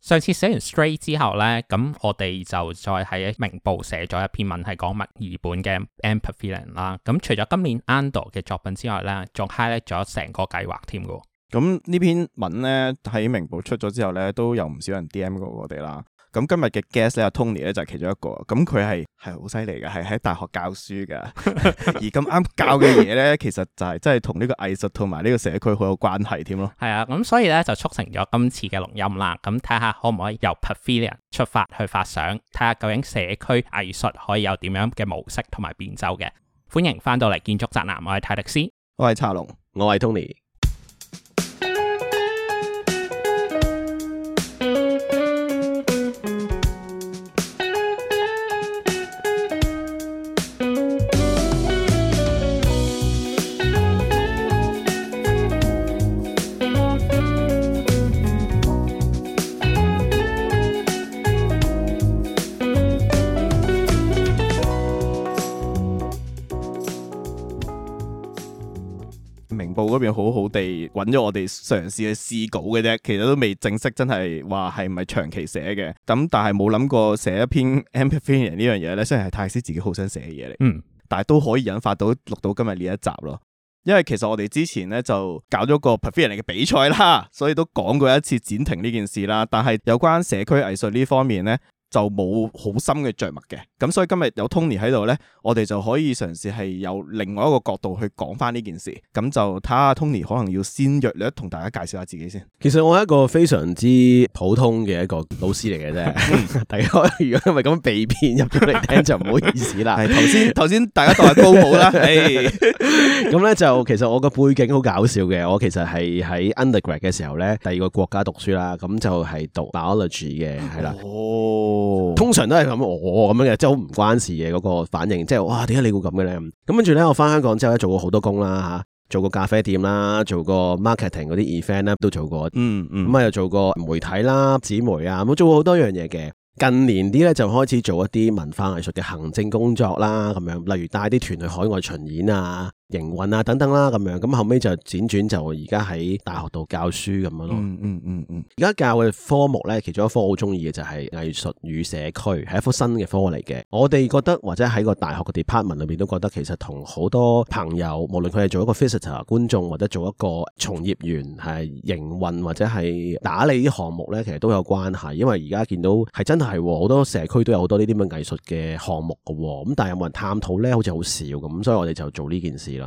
上次寫完 straight 之後咧，咁我哋就再喺明報寫咗一篇文，係講墨爾本嘅 MPavilion 啦。咁除咗今年 Ando 嘅作品之外咧，仲 highlight 咗成個計劃添嘅。咁呢篇文咧喺明報出咗之後咧，都有唔少人 DM 過我哋啦。咁今日嘅 guest 咧，阿 Tony 咧，就係其中一個，咁佢係係好犀利嘅，係喺大學教書噶， 而咁啱教嘅嘢咧，其實就係真係同呢個藝術同埋呢個社區好有關係添咯。係 啊,咁所以咧就促成咗今次嘅錄音啦。咁睇下可唔可以由 MPavilion 出發去發想，睇下究竟社區藝術可以有點樣嘅模式同埋變奏嘅。歡迎翻到嚟建築宅男，我係泰迪斯，我係查龍，我係 Tony。我嗰邊好好地揾咗我哋嘗試嘅試稿嘅啫，其實都未正式真係話係唔係長期寫嘅，咁但係冇諗過寫一篇 MPavilion 呢樣嘢呢，雖然係泰斯自己好想寫嘅嘢嚟。嗯，但係都可以引發到錄到今日呢一集咯，因為其實我哋之前呢就搞咗個 MPavilion 嘅比賽啦，所以都講過一次展亭呢件事啦，但係有關社區藝術呢方面呢。就冇好深嘅著墨嘅，咁所以今日有 Tony 喺度呢，我哋就可以嘗試係有另外一個角度去講翻呢件事。咁就睇下，Tony 睇下可能要先約略同大家介紹下自己先。其實我係一個非常之普通嘅一個老師嚟嘅啫。 大家如果因為咁被騙入咗嚟聽就唔好意思啦。係頭先頭先大家當係高普啦。咁呢、 哎， 就其實我個背景好搞笑嘅，我其實係喺 Undergrad 嘅時候呢，第二個國家讀書啦，咁就係讀 biology 嘅係啦。通常都係咁，我咁樣嘅，即係好唔關事嘅嗰個反應，即係哇，點解你會咁嘅咧？咁跟住咧，我翻香港之後咧，做過好多工啦吓，做過咖啡店啦，做過 marketing 嗰啲 event 咧，都做過，嗯嗯，咁、嗯、啊又做過媒體啦、紙媒啊，咁做過好多樣嘢嘅。近年啲咧就開始做一啲文化藝術嘅行政工作啦，咁樣，例如帶啲團去海外巡演啊。營運啊等等啦咁樣，咁後尾就輾轉就而家喺大學度教書咁樣咯、嗯。嗯嗯嗯嗯。而家教嘅科目呢，其中一科好中意嘅就係藝術與社區，係一科新嘅科嚟嘅。我哋覺得或者喺個大學嘅 department 裏面都覺得其實同好多朋友，無論佢係做一個 visitor 觀眾或者做一個從業員係營運或者係打理啲項目呢，其實都有關係。因為而家見到係真係好多社區都有好多呢啲咁嘅藝術嘅項目嘅，咁但係有冇人探討呢？好似好少咁，所以我哋就做呢件事。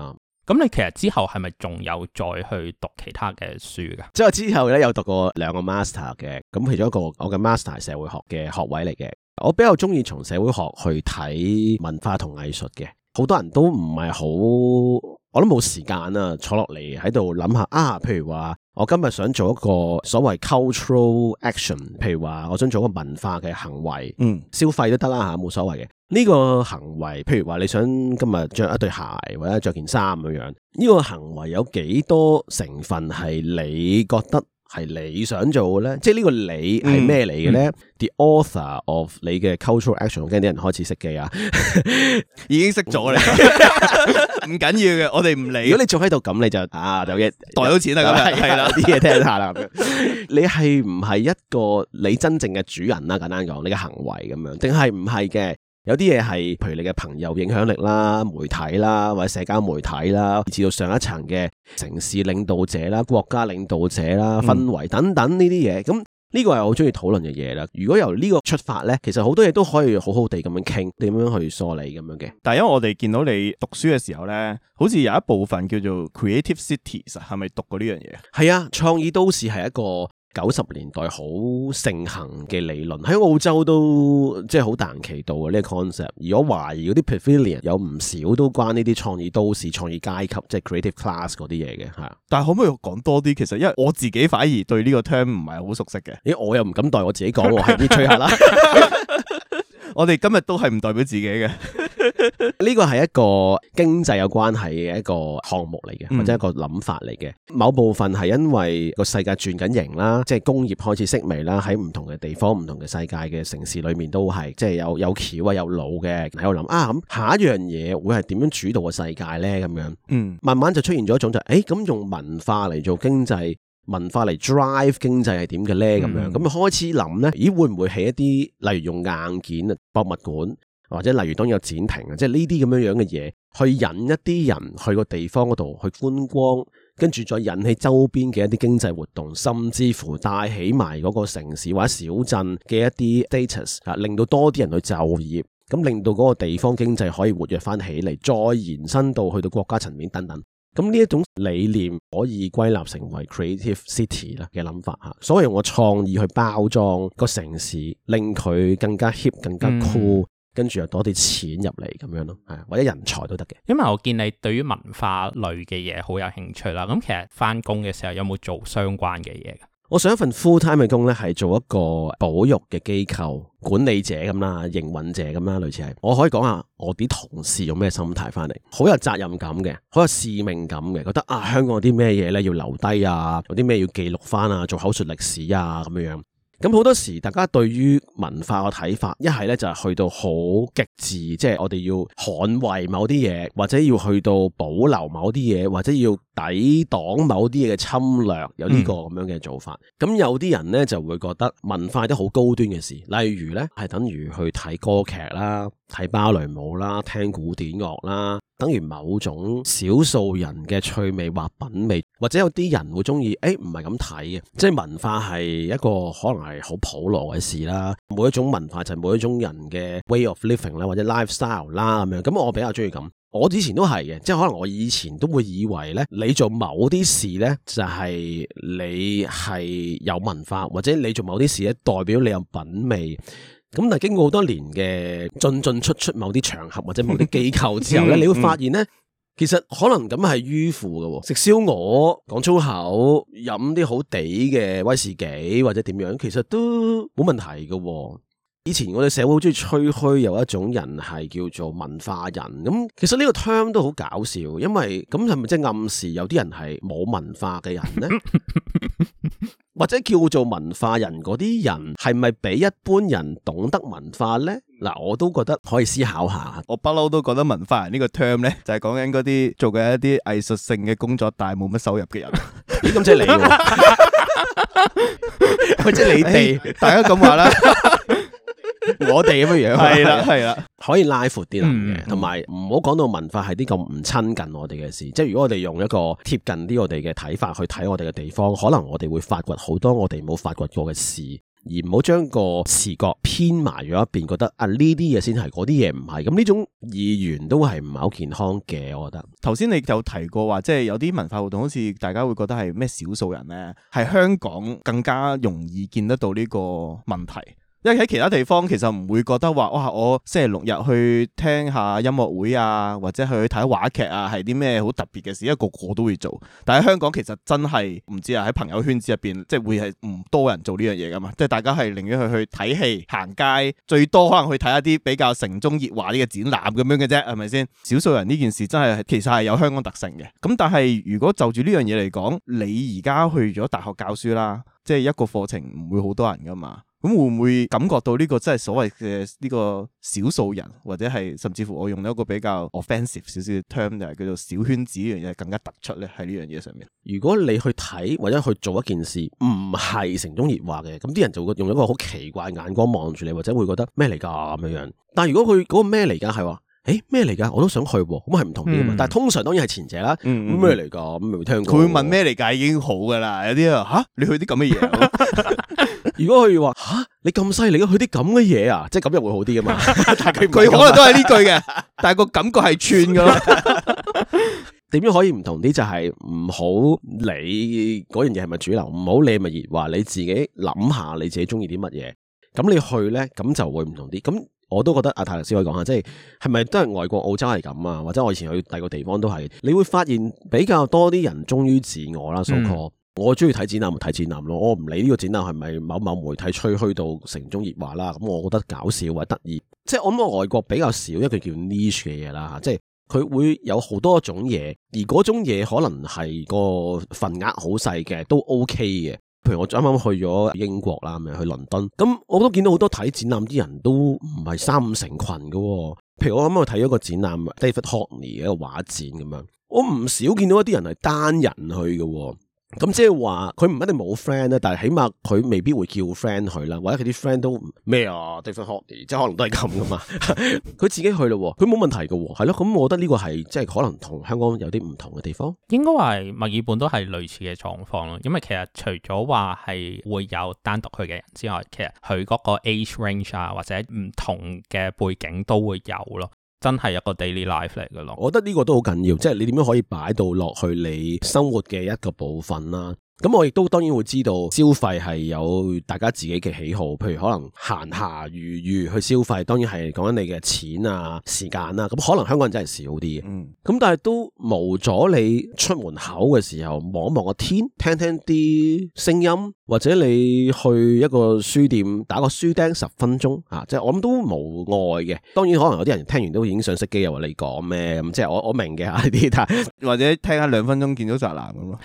咁你其實之後係咪仲有再去讀其他嘅書噶即係之後咧有讀過兩個 master 嘅，咁其中一個我嘅 master 係社會學嘅學位嚟嘅，我比較中意從社會學去睇文化同藝術嘅，好多人都唔係好。我都冇時間啊，坐落嚟喺度諗下啊，譬如話我今日想做一個所謂 cultural action，譬如話我想做一個文化嘅行為，嗯，消費都得啦吓，冇所謂嘅。呢個行為，譬如話你想今日着一對鞋或者着件衫咁樣，呢個行為有幾多成分係你覺得？係你想做嘅咧，即係呢個你係咩嚟嘅咧？The author of 你嘅 cultural action，我驚啲人開始熄機啊， 已經熄咗啦，唔緊要嘅，我哋唔理。如果你做喺度咁，你就啊就嘅袋咗錢啦、啊，咁樣係啦，啲嘢、啊、聽下啦。你係唔係一個你真正嘅主人啦？簡單講，你嘅行為咁樣，定係唔係嘅？有啲嘢係，譬如你嘅朋友影響力啦、媒體啦，或者社交媒體啦，至到上一層嘅城市領導者啦、國家領導者啦、嗯、氛圍等等呢啲嘢，咁呢個係我好中意討論嘅嘢啦。如果由呢個出發呢，其實好多嘢都可以好好地咁樣傾，點樣去梳理咁樣嘅。但係因為我哋見到你讀書嘅時候呢，好似有一部分叫做 Creative Cities，係咪讀過呢樣嘢？係啊，創意都市係一個。九十年代好盛行嘅理論，喺澳洲都即係好大行其道嘅呢個 concept，而我懷疑嗰啲 pavilion 有唔少都關呢啲創意都市、創意階級，即係 creative class 嗰啲嘢嘅係。但係可唔可以講多啲？其實因為我自己反而對呢個 term 唔係好熟悉嘅，咦？我又唔敢代我自己講喎，係吹下啦？ 我哋今日都係唔代表自己嘅，呢個係一個經濟有關係嘅一個項目嚟嘅，嗯、或者一個諗法嚟嘅。某部分係因為個世界轉緊型啦，即係工業開始式微啦，喺唔同嘅地方、唔同嘅世界嘅城市裏面都係，即係有有橋啊有腦嘅喺度諗啊，咁下一樣嘢會係點樣主導個世界呢？咁樣，嗯，慢慢就出現咗一種就係，誒、哎，咁用文化嚟做經濟。文化嚟 drive 經濟係點嘅咧？咁樣、嗯，咁啊開始諗咧，咦會唔會係一啲例如用硬件啊、博物館，或者例如當有展亭啊，即係呢啲咁樣樣嘅嘢，去引一啲人去個地方嗰度去觀光，跟住再引起周邊嘅一啲經濟活動，甚至乎帶起埋嗰個城市或者小鎮嘅一啲 status 啊，令到多啲人去就業，咁令到嗰個地方經濟可以活躍翻起嚟，再延伸到去到國家層面等等。咁呢一種理念可以歸納成為 creative city 啦嘅諗法嚇，所謂用個創意去包裝個城市，令佢更加 hip、更加 cool，跟住又攞啲錢入嚟咁樣咯，係或者人才都得嘅。嗯、因為我見你對於文化類嘅嘢好有興趣啦，咁其實返工嘅時候有冇做相關嘅嘢？我上一份 full time 嘅工咧，係做一個保育嘅機構管理者咁啦，營運者咁啦，類似係。我可以講下我啲同事用咩心態翻嚟，好有責任感嘅，好有使命感嘅，覺得啊香港有啲咩嘢咧要留低啊，有啲咩要記錄翻啊，做口述歷史啊咁樣。咁好多時，大家對於文化嘅睇法，一係咧就係去到好極致，即係我哋要捍衛某啲嘢，或者要去到保留某啲嘢，或者要抵擋某啲嘢嘅侵略，有呢個咁樣嘅做法。咁、嗯、有啲人咧就會覺得文化都好高端嘅事，例如咧係等於去睇歌劇啦、睇芭蕾舞啦、聽古典樂啦。等於某種少數人嘅趣味或品味，或者有啲人會中意，誒、哎，唔係咁睇嘅，即係文化係一個可能係好普羅嘅事啦。每一種文化就係每一種人嘅 way of living 啦，或者 lifestyle 啦咁樣。咁我比較中意咁，我以前都係嘅，即係可能我以前都會以為呢，你做某啲事呢，就係你係有文化，或者你做某啲事咧代表你有品味。咁但係經過好多年嘅進進出出某啲場合或者某啲機構之後呢， 你會發現呢，其實可能咁係迂腐㗎喎，食燒鵝、講粗口、飲啲好地嘅威士忌或者點樣，其實都冇問題㗎喎。以前我哋社會好中意吹噓有一種人係叫做文化人，咁其實呢個 term 都好搞笑，因為咁係咪即係暗示有啲人係冇文化嘅人呢？或者叫做文化人嗰啲人係咪比一般人懂得文化呢？嗱，我都覺得可以思考下。我不嬲都覺得文化人呢個 term 呢，就係講緊嗰啲做緊一啲藝術性嘅工作但係冇乜收入嘅人。咦、 欸，咁即係你，即 者 你哋，大家咁話啦。 我哋咁樣樣係啦，係啦，可以拉闊啲啦，同埋唔好講到文化係啲咁唔親近我哋嘅事。嗯、即係如果我哋用一個貼近啲我哋嘅睇法，去睇我哋嘅地方，可能我哋會發掘好多我哋冇發掘過嘅事，而唔好將個視覺偏埋咗一邊，覺得啊呢啲嘢先係，嗰啲嘢唔係。咁呢種意願都係唔係好健康嘅，我覺得。頭先你有提過話，即係有啲文化活動，好似大家會覺得係咩少數人呢？係、嗯、香港更加容易見得到呢個問題。因為喺其他地方其實唔會覺得話哇，我星期六日去聽下音樂會啊，或者去睇話劇啊，係啲咩好特別嘅事，因為個個都會做。但係香港其實真係唔知啊，喺朋友圈子入邊，即係會係唔多人做呢樣嘢噶嘛，即係大家係寧願去去睇戲、行街，最多可能去睇一啲比較城中熱話呢嘅展覽咁樣嘅啫，係咪先？少數人呢件事真係其實係有香港特性嘅。咁但係如果就住呢樣嘢嚟講，你而家去咗大學教書啦，即係一個課程唔會好多人噶嘛。咁會唔會感覺到呢個真係所謂嘅呢個少數人，或者係甚至乎我用一個比較 offensive 少少嘅 term 就係叫做小圈子呢樣嘢更加突出咧？喺呢樣嘢上面，如果你去睇或者去做一件事唔係城中熱話嘅，咁啲人就會用一個好奇怪眼光望住你，或者會覺得咩嚟噶咁樣樣。但係如果佢嗰個咩嚟噶係話，誒咩嚟噶？我都想去，啊，咁係唔同啲嘛。嗯、但係通常當然係前者啦。咩嚟噶？未、嗯、聽過。佢會問咩嚟噶已經好噶啦。有啲啊吓，你去啲咁嘅嘢。 如果佢話吓你咁犀利啊，佢啲咁嘅嘢啊，即係咁又會好啲噶嘛？ 但係佢可能都係呢句嘅，但係個感覺係串噶。點樣 可以唔同啲？就係唔好理嗰樣嘢係咪主流？唔好你咪話你自己諗下你自己中意啲乜嘢。咁你去咧，咁就會唔同啲。咁我都覺得阿 Tony 先可以講下，即係係咪都係外國澳洲係咁啊？或者我以前去第二個地方都係，你會發現比較多啲人忠於自我啦。so。嗯我中意睇展覽咪睇展覽咯，我唔理呢個展覽係咪某某媒體吹噓到城中熱話啦，咁我覺得搞笑或得意。即係我諗外國比較少一個叫 niche 嘅嘢啦，即係佢會有好多種嘢，而嗰種嘢可能係個份額好細嘅，都 OK 嘅。譬如我啱啱去咗英國啦，咪去倫敦，咁我都見到好多睇展覽啲人都唔係三五成群噶。譬如我啱啱去睇咗個展覽，David Hockney 嘅一個畫展咁樣，我唔少見到一啲人係單人去嘅。咁即係話佢唔一定冇 friend 啦，但係起碼佢未必會叫 friend 去啦，或者佢啲 friend 都咩啊？對方 hotie，即係可能都係咁噶嘛。佢自己去咯，佢冇問題噶，係咯。咁我覺得呢個係即係可能同香港有啲唔同嘅地方，應該話墨爾本都係類似嘅狀況咯。因為其實除咗話係會有單獨去嘅人之外，其實佢嗰個 age range 啊，或者唔同嘅背景都會有咯。真係一個 daily life 嚟嘅咯，我覺得呢個都好緊要，即係你點樣可以擺到落去你生活嘅一個部分啦。咁我亦都當然會知道消費係有大家自己嘅喜好，譬如可能閒暇餘餘去消費，當然係講緊你嘅錢啊、時間啦、啊。咁可能香港人真係少啲嘅，咁、嗯、但係都無阻你出門口嘅時候望望個天，聽聽啲聲音，或者你去一個書店打個書釘十分鐘啊，即係我諗都無礙嘅。當然可能有啲人聽完都已經想熄機，又話你講咩咁，即係我我明嘅吓呢啲，但係或者聽下兩分鐘見到宅男咁咯。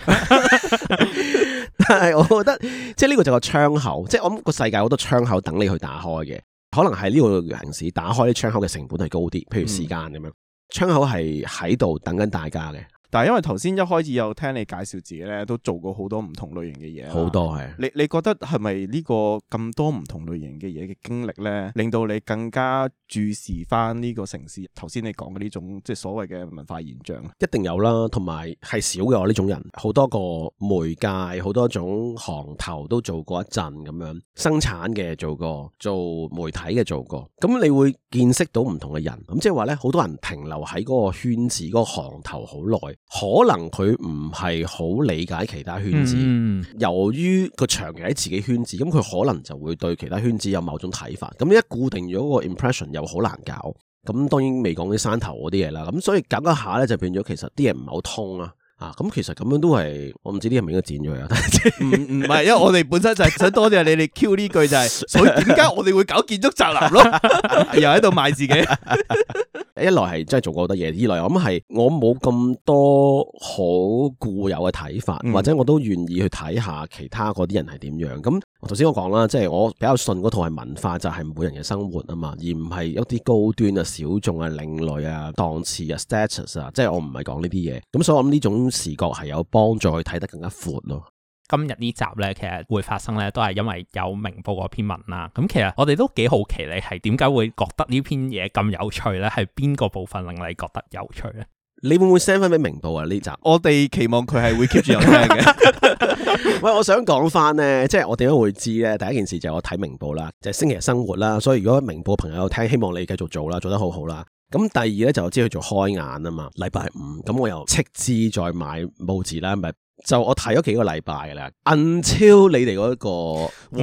但係我覺得，即係呢個就個窗口，即係我諗個世界好多窗口等你去打開嘅，可能喺呢個城市打開啲窗口嘅成本係高啲，譬如時間咁樣，窗口係喺度等緊大家嘅。但係因為頭先一開始有聽你介紹自己咧，都做過好多唔同類型嘅嘢，好多係。你你覺得係咪呢個咁多唔同類型嘅嘢嘅經歷咧，令到你更加注視翻呢個城市？頭先你講嘅呢種即係所謂嘅文化現象，一定有啦。同埋係少嘅我呢種人，好多個媒介，好多種行頭都做過一陣咁樣，生產嘅做過，做媒體嘅做過。咁你會見識到唔同嘅人，咁即係話咧，好多人停留喺嗰個圈子、嗰個行頭好耐。可能佢唔係好理解其他圈子，嗯嗯，由於佢長期喺自己圈子，咁佢可能就會對其他圈子有某種睇法。咁一固定咗個 impression，又好難搞。咁當然未講啲山頭嗰啲嘢啦。咁所以搞一下呢，就變咗其實啲嘢唔係好通啊。啊，咁其實咁樣都係，我唔知啲係咪應該剪咗啊。唔唔係，因為我哋本身就係想多謝你哋。Q 呢句就係、是，所以點解我哋會搞建築宅男咯？ 又喺度賣自己。 一來係真係做過好多嘢，二來我諗係我冇咁多好固有嘅睇法，嗯、或者我都願意去睇下其他嗰啲人係點樣。咁頭先我講啦，即係我比較信嗰套係文化就係每人嘅生活啊嘛，而唔係一啲高端啊、小眾啊、另類啊、檔次啊、status 啊，即係我唔係講呢啲嘢。咁所以，我諗呢種視覺係有幫助，去睇得更加闊咯。今日呢集呢，其實會發生呢，都係因為有明報嗰篇文啦。咁、嗯、其實我哋都幾好奇你係點解會覺得呢篇嘢咁有趣呢？係邊個部分令你覺得有趣呢？你會唔會 send 翻俾明報啊？呢集我哋期望佢係會 keep 住有聽嘅。 喂，我想講翻呢，即係我點解會知呢。第一件事就係我睇明報啦，就係、星期日生活啦。所以如果明報嘅朋友聽，希望你繼續做啦，做得好好啦。咁第二呢，就我知佢做開眼啊嘛。禮拜五咁我又斥資再買報紙啦，咪～就我睇咗幾個禮拜噶啦，印超你哋嗰一個，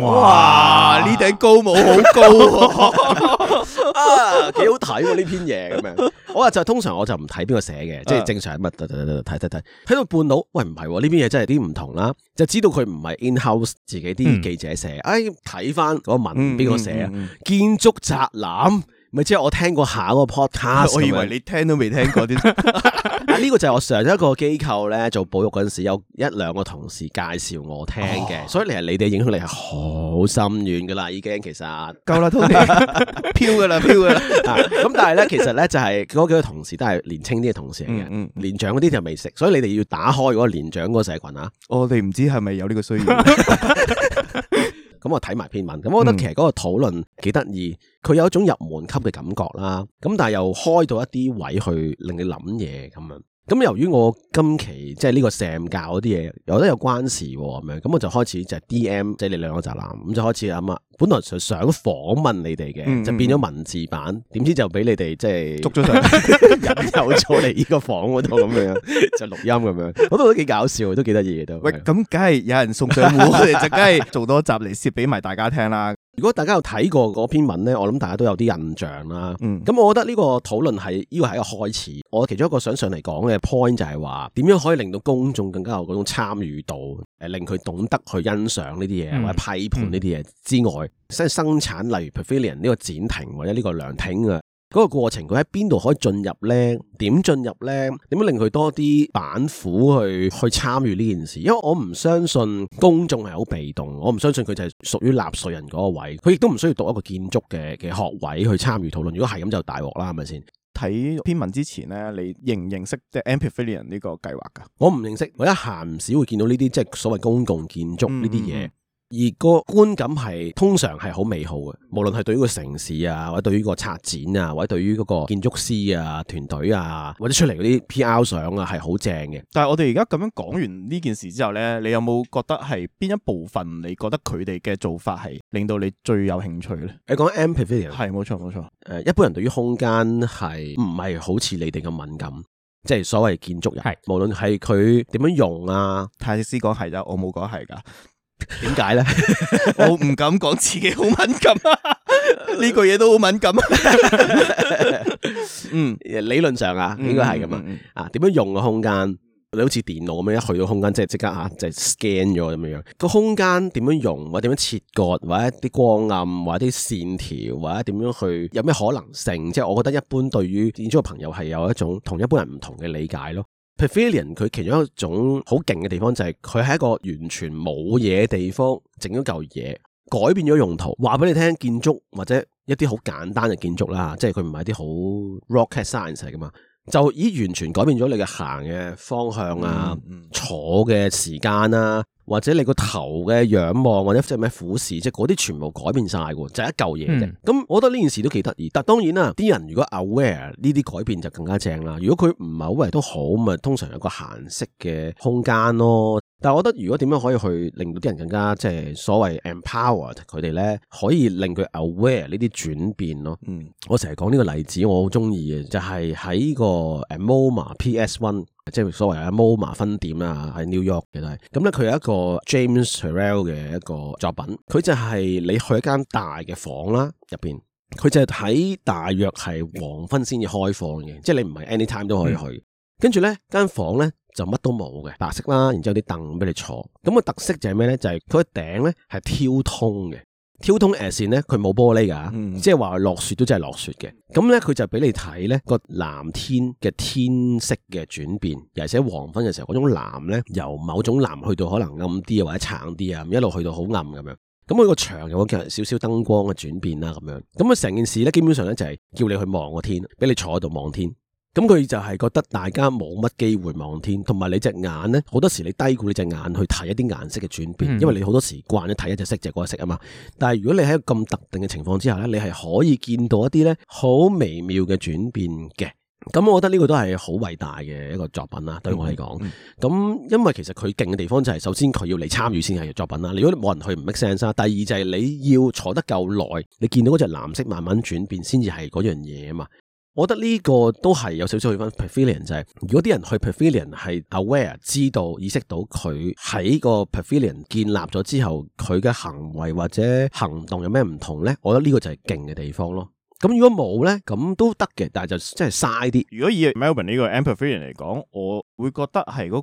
哇，呢頂哇高帽好高啊。 啊，幾好睇呢、啊、篇嘢咁樣。 我話就通常我就唔睇邊個寫嘅，即係正常乜睇睇睇睇到半度，喂，唔係呢篇嘢真係啲唔同啦，就知道佢唔係 in house 自己啲記者寫。嗯、哎，睇翻個文邊個寫啊？嗯嗯嗯建築宅男。咪即係我聽過下嗰個 podcast，我以為你聽都未聽過啲。呢個就係我上一個機構咧做保育嗰陣時，有一兩個同事介紹我聽嘅，哦、所以嚟係你哋影響力係好深遠噶啦，已經其實夠啦，Tony 飄噶啦，飄噶啦。咁但係咧，其實咧就係、是、嗰幾個同事都係年青啲嘅同事嚟嘅，年、嗯嗯、長嗰啲就未食。所以你哋要打開嗰個年長嗰個社群啊。我哋唔知係咪有呢個需要。嗯 咁我睇埋篇文，咁我覺得其實嗰個討論幾得意，佢有一種入門級嘅感覺啦，咁但係又開到一啲位去令你諗嘢咁樣。咁由於我今期即係呢個上教嗰啲嘢有啲有關事喎，咁樣，咁我就開始 DM，就係 D.M. 即係你兩個宅男啦，咁就開始諗啊嘛。本來想訪問你哋嘅，就變咗文字版，點知就俾你哋即係捉咗上嚟，引入咗嚟呢個房嗰度咁樣， 就錄音咁樣。我都覺得幾搞笑，都幾得意都。喂，咁梗係有人送上門，就梗係做多一集嚟攝俾埋大家聽啦。如果大家有睇過嗰篇文咧，我諗大家都有啲印象啦。咁、嗯、我覺得呢個討論係呢個係一個開始。我其中一個想上嚟講嘅 point 就係話，點樣可以令到公眾更加有嗰種參與度，誒，令佢懂得去欣賞呢啲嘢，或者批判呢啲嘢之外，即係、嗯嗯、生產例如 Pavilion 呢個展亭或者呢個涼亭嘅。嗰個過程，佢喺邊度可以進入呢？點進入呢？點樣令佢多啲板斧去去參與呢件事？因為我唔相信公眾係好被動，我唔相信佢就係屬於納稅人嗰個位，佢亦都唔需要讀一個建築嘅嘅學位去參與討論。如果係咁就大鑊啦，係咪先？睇篇文之前呢，你認唔認識即係 MPavilion 呢個計劃噶？我唔認識，我一閒時會見到呢啲即係所謂公共建築呢啲嘢。嗯嗯而個觀感係通常係好美好嘅，無論係對於個城市啊，或者對於個策展啊，或者對於嗰個建築師啊團隊啊，或者出嚟啲 P R 相啊，係好正嘅。但係我哋而家咁樣講完呢件事之後呢，你有冇覺得係邊一部分？你覺得佢哋嘅做法係令到你最有興趣呢？你講 MPavilion 係冇錯冇錯。誒、呃，一般人對於空間係唔係好似你哋咁敏感，即係所謂建築人，是無論係佢點樣用啊，泰斯師講係咋，我冇講係噶。點解咧？呢 我唔敢講自己好敏感啊， 呢句嘢都好敏感啊。 嗯， 理論上該嗯嗯啊，應該係噶嘛。啊，點樣用個空間？你好似電腦咁樣一去到空間，即係即刻吓，就 scan 咗咁樣樣。個空間點樣用，或點樣切割，或者啲光暗，或者啲線條，或者點樣去有咩可能性？即係我覺得一般對於建築嘅朋友係有一種同一般人唔同嘅理解咯。Pavilion 佢其中一種好勁嘅地方就係佢係一個完全冇嘢地方，整咗嚿嘢，改變咗用途。話俾你聽，建築或者一啲好簡單嘅建築啦，即係佢唔係啲好 rocket science 嚟噶嘛，就已完全改變咗你嘅行嘅方向啊，嗯嗯、坐嘅時間啊。或者你個頭嘅仰望，或者即係咩俯視，即係嗰啲全部改變晒嘅，就係、一嚿嘢嘅。咁、嗯、我覺得呢件事都幾得意。但係當然啦，啲人如果 aware 呢啲改變就更加正啦。如果佢唔 aware 都好，咁啊通常有個閒適嘅空間咯。但係我覺得如果點樣可以去令到啲人更加即係所謂 empower 佢哋咧，可以令佢 aware 呢啲轉變咯。嗯，我成日講呢個例子，我好中意嘅就係、是、喺個 Moma PS One。即係所謂阿 MoMA 分店啊，喺 New York 嘅都係，咁咧佢有一個 James Turrell 嘅一個作品，佢就係你去一間大嘅房啦，入邊佢就係喺大約係黃昏先至開放嘅，即係你唔係 anytime 都可以去。跟住咧間房咧就乜都冇嘅，白色啦，然之後有啲凳俾你坐，咁個特色就係咩咧？就係佢個頂咧係挑通嘅。挑通誒綫咧，佢冇玻璃噶，嗯、即係話落雪都真係落雪嘅。咁咧，佢就俾你睇咧個藍天嘅天色嘅轉變，尤其是黃昏嘅時候，嗰種藍咧由某種藍去到可能暗啲啊，或者橙啲啊，一路去到好暗咁樣，樣。咁、那、佢個牆又可能少少燈光嘅轉變啦，咁樣。咁啊成件事咧，基本上咧就係叫你去望個天，俾你坐喺度望天。咁佢就係覺得大家冇乜機會望天，同埋你隻眼呢。好多時你低估你隻眼去睇一啲顏色嘅轉變，嗯、因為你好多時慣咗睇一隻色就嗰色啊嘛。但係如果你喺咁特定嘅情況之下呢，你係可以見到一啲呢好微妙嘅轉變嘅。咁、嗯、我覺得呢個都係好偉大嘅一個作品啦，對我嚟講。咁、嗯嗯、因為其實佢勁嘅地方就係首先佢要你參與先係作品啦，如果你冇人去唔 make sense，第二就係你要坐得夠耐，你見到嗰隻藍色慢慢轉變先至係嗰樣嘢啊嘛。我覺得呢個都係有少少去翻 pavilion，就係如果啲人去 pavilion 係 aware 知道意識到佢喺個 pavilion 建立咗之後，佢嘅行為或者行動有咩唔同呢？我覺得呢個就係勁嘅地方咯。咁如果冇咧，咁都得嘅，但係就即係嘥啲。如果以 Melbourne 呢個 MPavilion 嚟講，我會覺得係嗰、嗰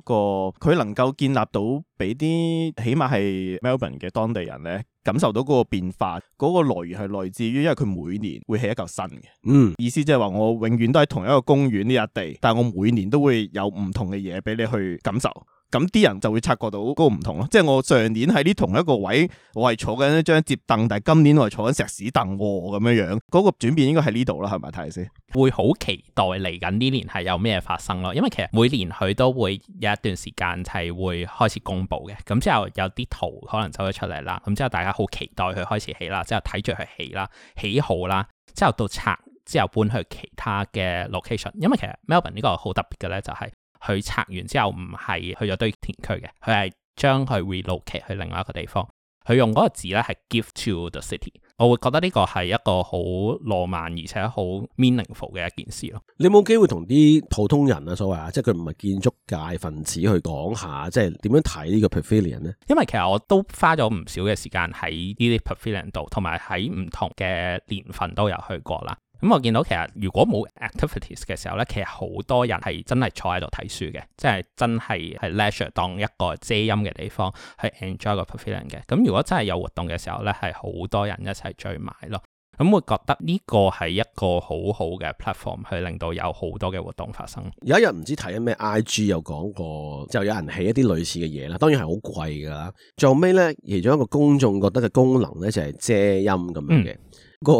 個佢能夠建立到俾啲起碼係 Melbourne 嘅當地人咧感受到嗰個變化，嗰、嗰個來源係來自於因為佢每年會起一舊新嘅。嗯，意思即係話我永遠都喺同一個公園呢笪地，但係我每年都會有唔同嘅嘢俾你去感受。咁啲人就會察覺到嗰個唔同咯，即係我上年喺呢同一個位，我係坐緊一張折凳，但係今年我係坐緊石屎凳喎、哦，咁樣樣嗰、那個轉變應該係呢度啦，係咪睇先？會好期待嚟緊呢年係有咩發生咯，因為其實每年佢都會有一段時間係會開始公布嘅，咁之後有啲圖可能走咗出嚟啦，咁之後大家好期待佢開始起啦，之後睇住佢起啦，起好啦，之後到拆之後搬去其他嘅 location，因為其實 Melbourne 呢個好特別嘅咧就係、是。佢拆完之後唔係去咗堆填區嘅，佢係將佢 relocate 去另外一個地方。佢用嗰個字咧係 give to the city，我會覺得呢個係一個好浪漫而且好 meaningful 嘅一件事咯。你冇機會同啲普通人啊，所謂啊，即係佢唔係建築界分子去講下，即係點樣睇呢個 Pavilion 呢？因為其實我都花咗唔少嘅時間喺呢啲 Pavilion 度，同埋喺唔同嘅年份都有去過啦。咁我見到其實如果冇 activities 嘅時候咧，其實好多人係真係坐喺度睇書嘅，即係真係係 lecture 當一個遮陰嘅地方去 enjoy 個 Pavilion 嘅。咁如果真係有活動嘅時候咧，係好多人一齊聚埋咯。咁我會覺得呢個係一個好好嘅 platform 去令到有好多嘅活動發生。有一日唔知睇緊咩 IG 又講過，就有人起一啲類似嘅嘢啦，當然係好貴噶啦。最尾咧，其中一個公眾覺得嘅功能咧就係遮陰咁樣嘅。嗯個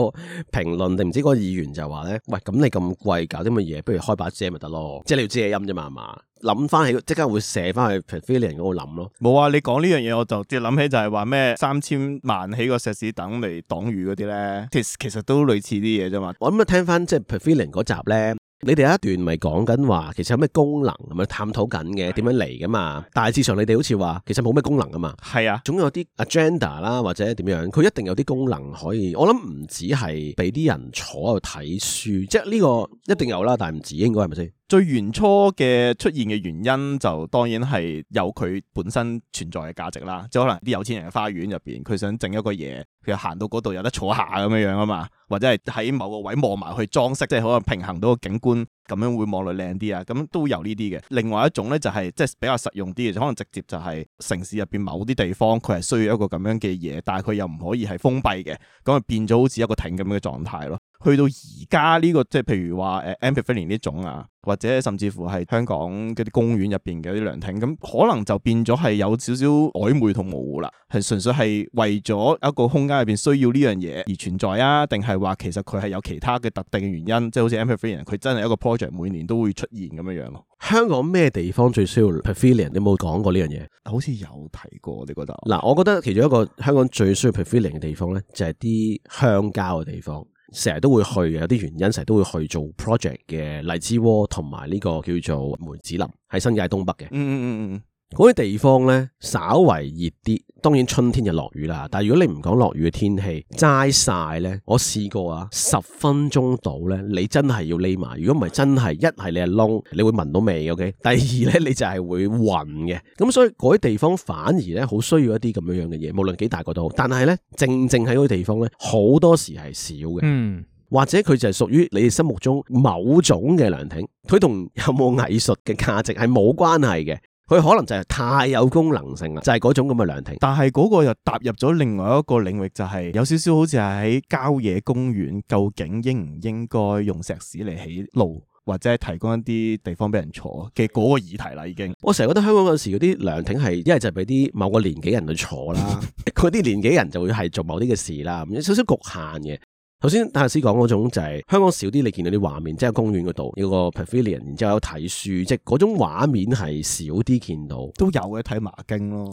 評論定唔知個議員就話咧，喂，咁你咁貴搞啲乜嘢，不如開把遮咪得咯，即係你要遮陰啫嘛，係嘛？諗翻起即刻會寫翻去 Pavilion 嗰度諗咯，冇啊！你講呢樣嘢我就即係諗起就係話咩三千萬起個石屎等嚟擋雨嗰啲咧，其其實都類似啲嘢啫嘛。我諗啊聽翻即係 Pavilion 嗰集咧。你哋有一段咪講緊話，其實有咩功能咁樣探討緊嘅，點樣嚟㗎嘛？大致上你哋好似話，其實冇咩功能㗎嘛。係啊，總有啲 agenda 啦，或者點樣，佢一定有啲功能可以。我諗唔止係俾啲人坐喺度睇書，即係呢個一定有啦，但係唔止應該係咪先？最原初嘅出現嘅原因，就當然係有佢本身存在嘅價值啦。即係可能啲有錢人嘅花園入邊，佢想整一個嘢，佢又行到嗰度有得坐下咁樣樣啊嘛，或者係喺某個位望埋去裝飾，即係可能平衡到個景觀。咁樣會望落靚啲啊，咁都有呢啲嘅。另外一種咧就係、是、即係比較實用啲嘅，就可能直接就係城市入邊某啲地方佢係需要一個咁樣嘅嘢，但係佢又唔可以係封閉嘅，咁啊變咗好似一個亭咁樣嘅狀態咯。去到而家呢個即係譬如話誒 amphitheatre 呢種啊，或者甚至乎係香港嗰啲公園入邊嘅啲涼亭，咁、嗯、可能就變咗係有少少曖昧同模糊啦，係純粹係為咗一個空間入邊需要呢樣嘢而存在啊，定係話其實佢係有其他嘅特定嘅原因，即係好似 amphitheatre 佢真係一個每年都會出現咁樣樣咯。香港咩地方最需要 Pavilion？你冇講過呢樣嘢，好似有提過。你覺得嗱？我覺得其中一個香港最需要 Pavilion 嘅地方咧，就係、是、啲鄉郊嘅地方，成日都會去，嘅，有啲原因成日都會去做 project 嘅荔枝窩同埋呢個叫做梅子林，喺新界東北嘅、嗯。嗯嗯嗯嗯。嗰啲地方咧，稍為熱啲，當然春天就落雨啦。但係如果你唔講落雨嘅天氣，齋曬咧，我試過啊，十分鐘度咧，你真係要匿埋。如果唔係，真係一係你係窿，你會聞到味，OK？第二咧，你就係會暈嘅。咁所以嗰啲地方反而咧，好需要一啲咁樣樣嘅嘢，無論幾大個都好。但係咧，正正喺嗰個地方咧，好多時係少嘅，嗯，或者佢就係屬於你心目中某種嘅涼亭，佢同有冇藝術嘅價值係冇關係嘅。佢可能就係太有功能性啦，就係嗰種咁嘅涼亭。但係嗰個又踏入咗另外一個領域，就係有少少好似係喺郊野公園，究竟應唔應該用石屎嚟起路，或者係提供一啲地方俾人坐嘅嗰個議題啦、嗯。已經我成日覺得香港嗰時嗰啲涼亭係一係就俾啲某個年紀人去坐啦、嗯，嗰啲 年紀人就會係做某啲嘅事啦，有少少局限嘅。首先，大師講嗰種就係香港少啲，你見到啲畫面，即係公園嗰度有個 pavilion 然之後有睇書，即係嗰種畫面係少啲見到，都有嘅睇《馬經、哦》咯，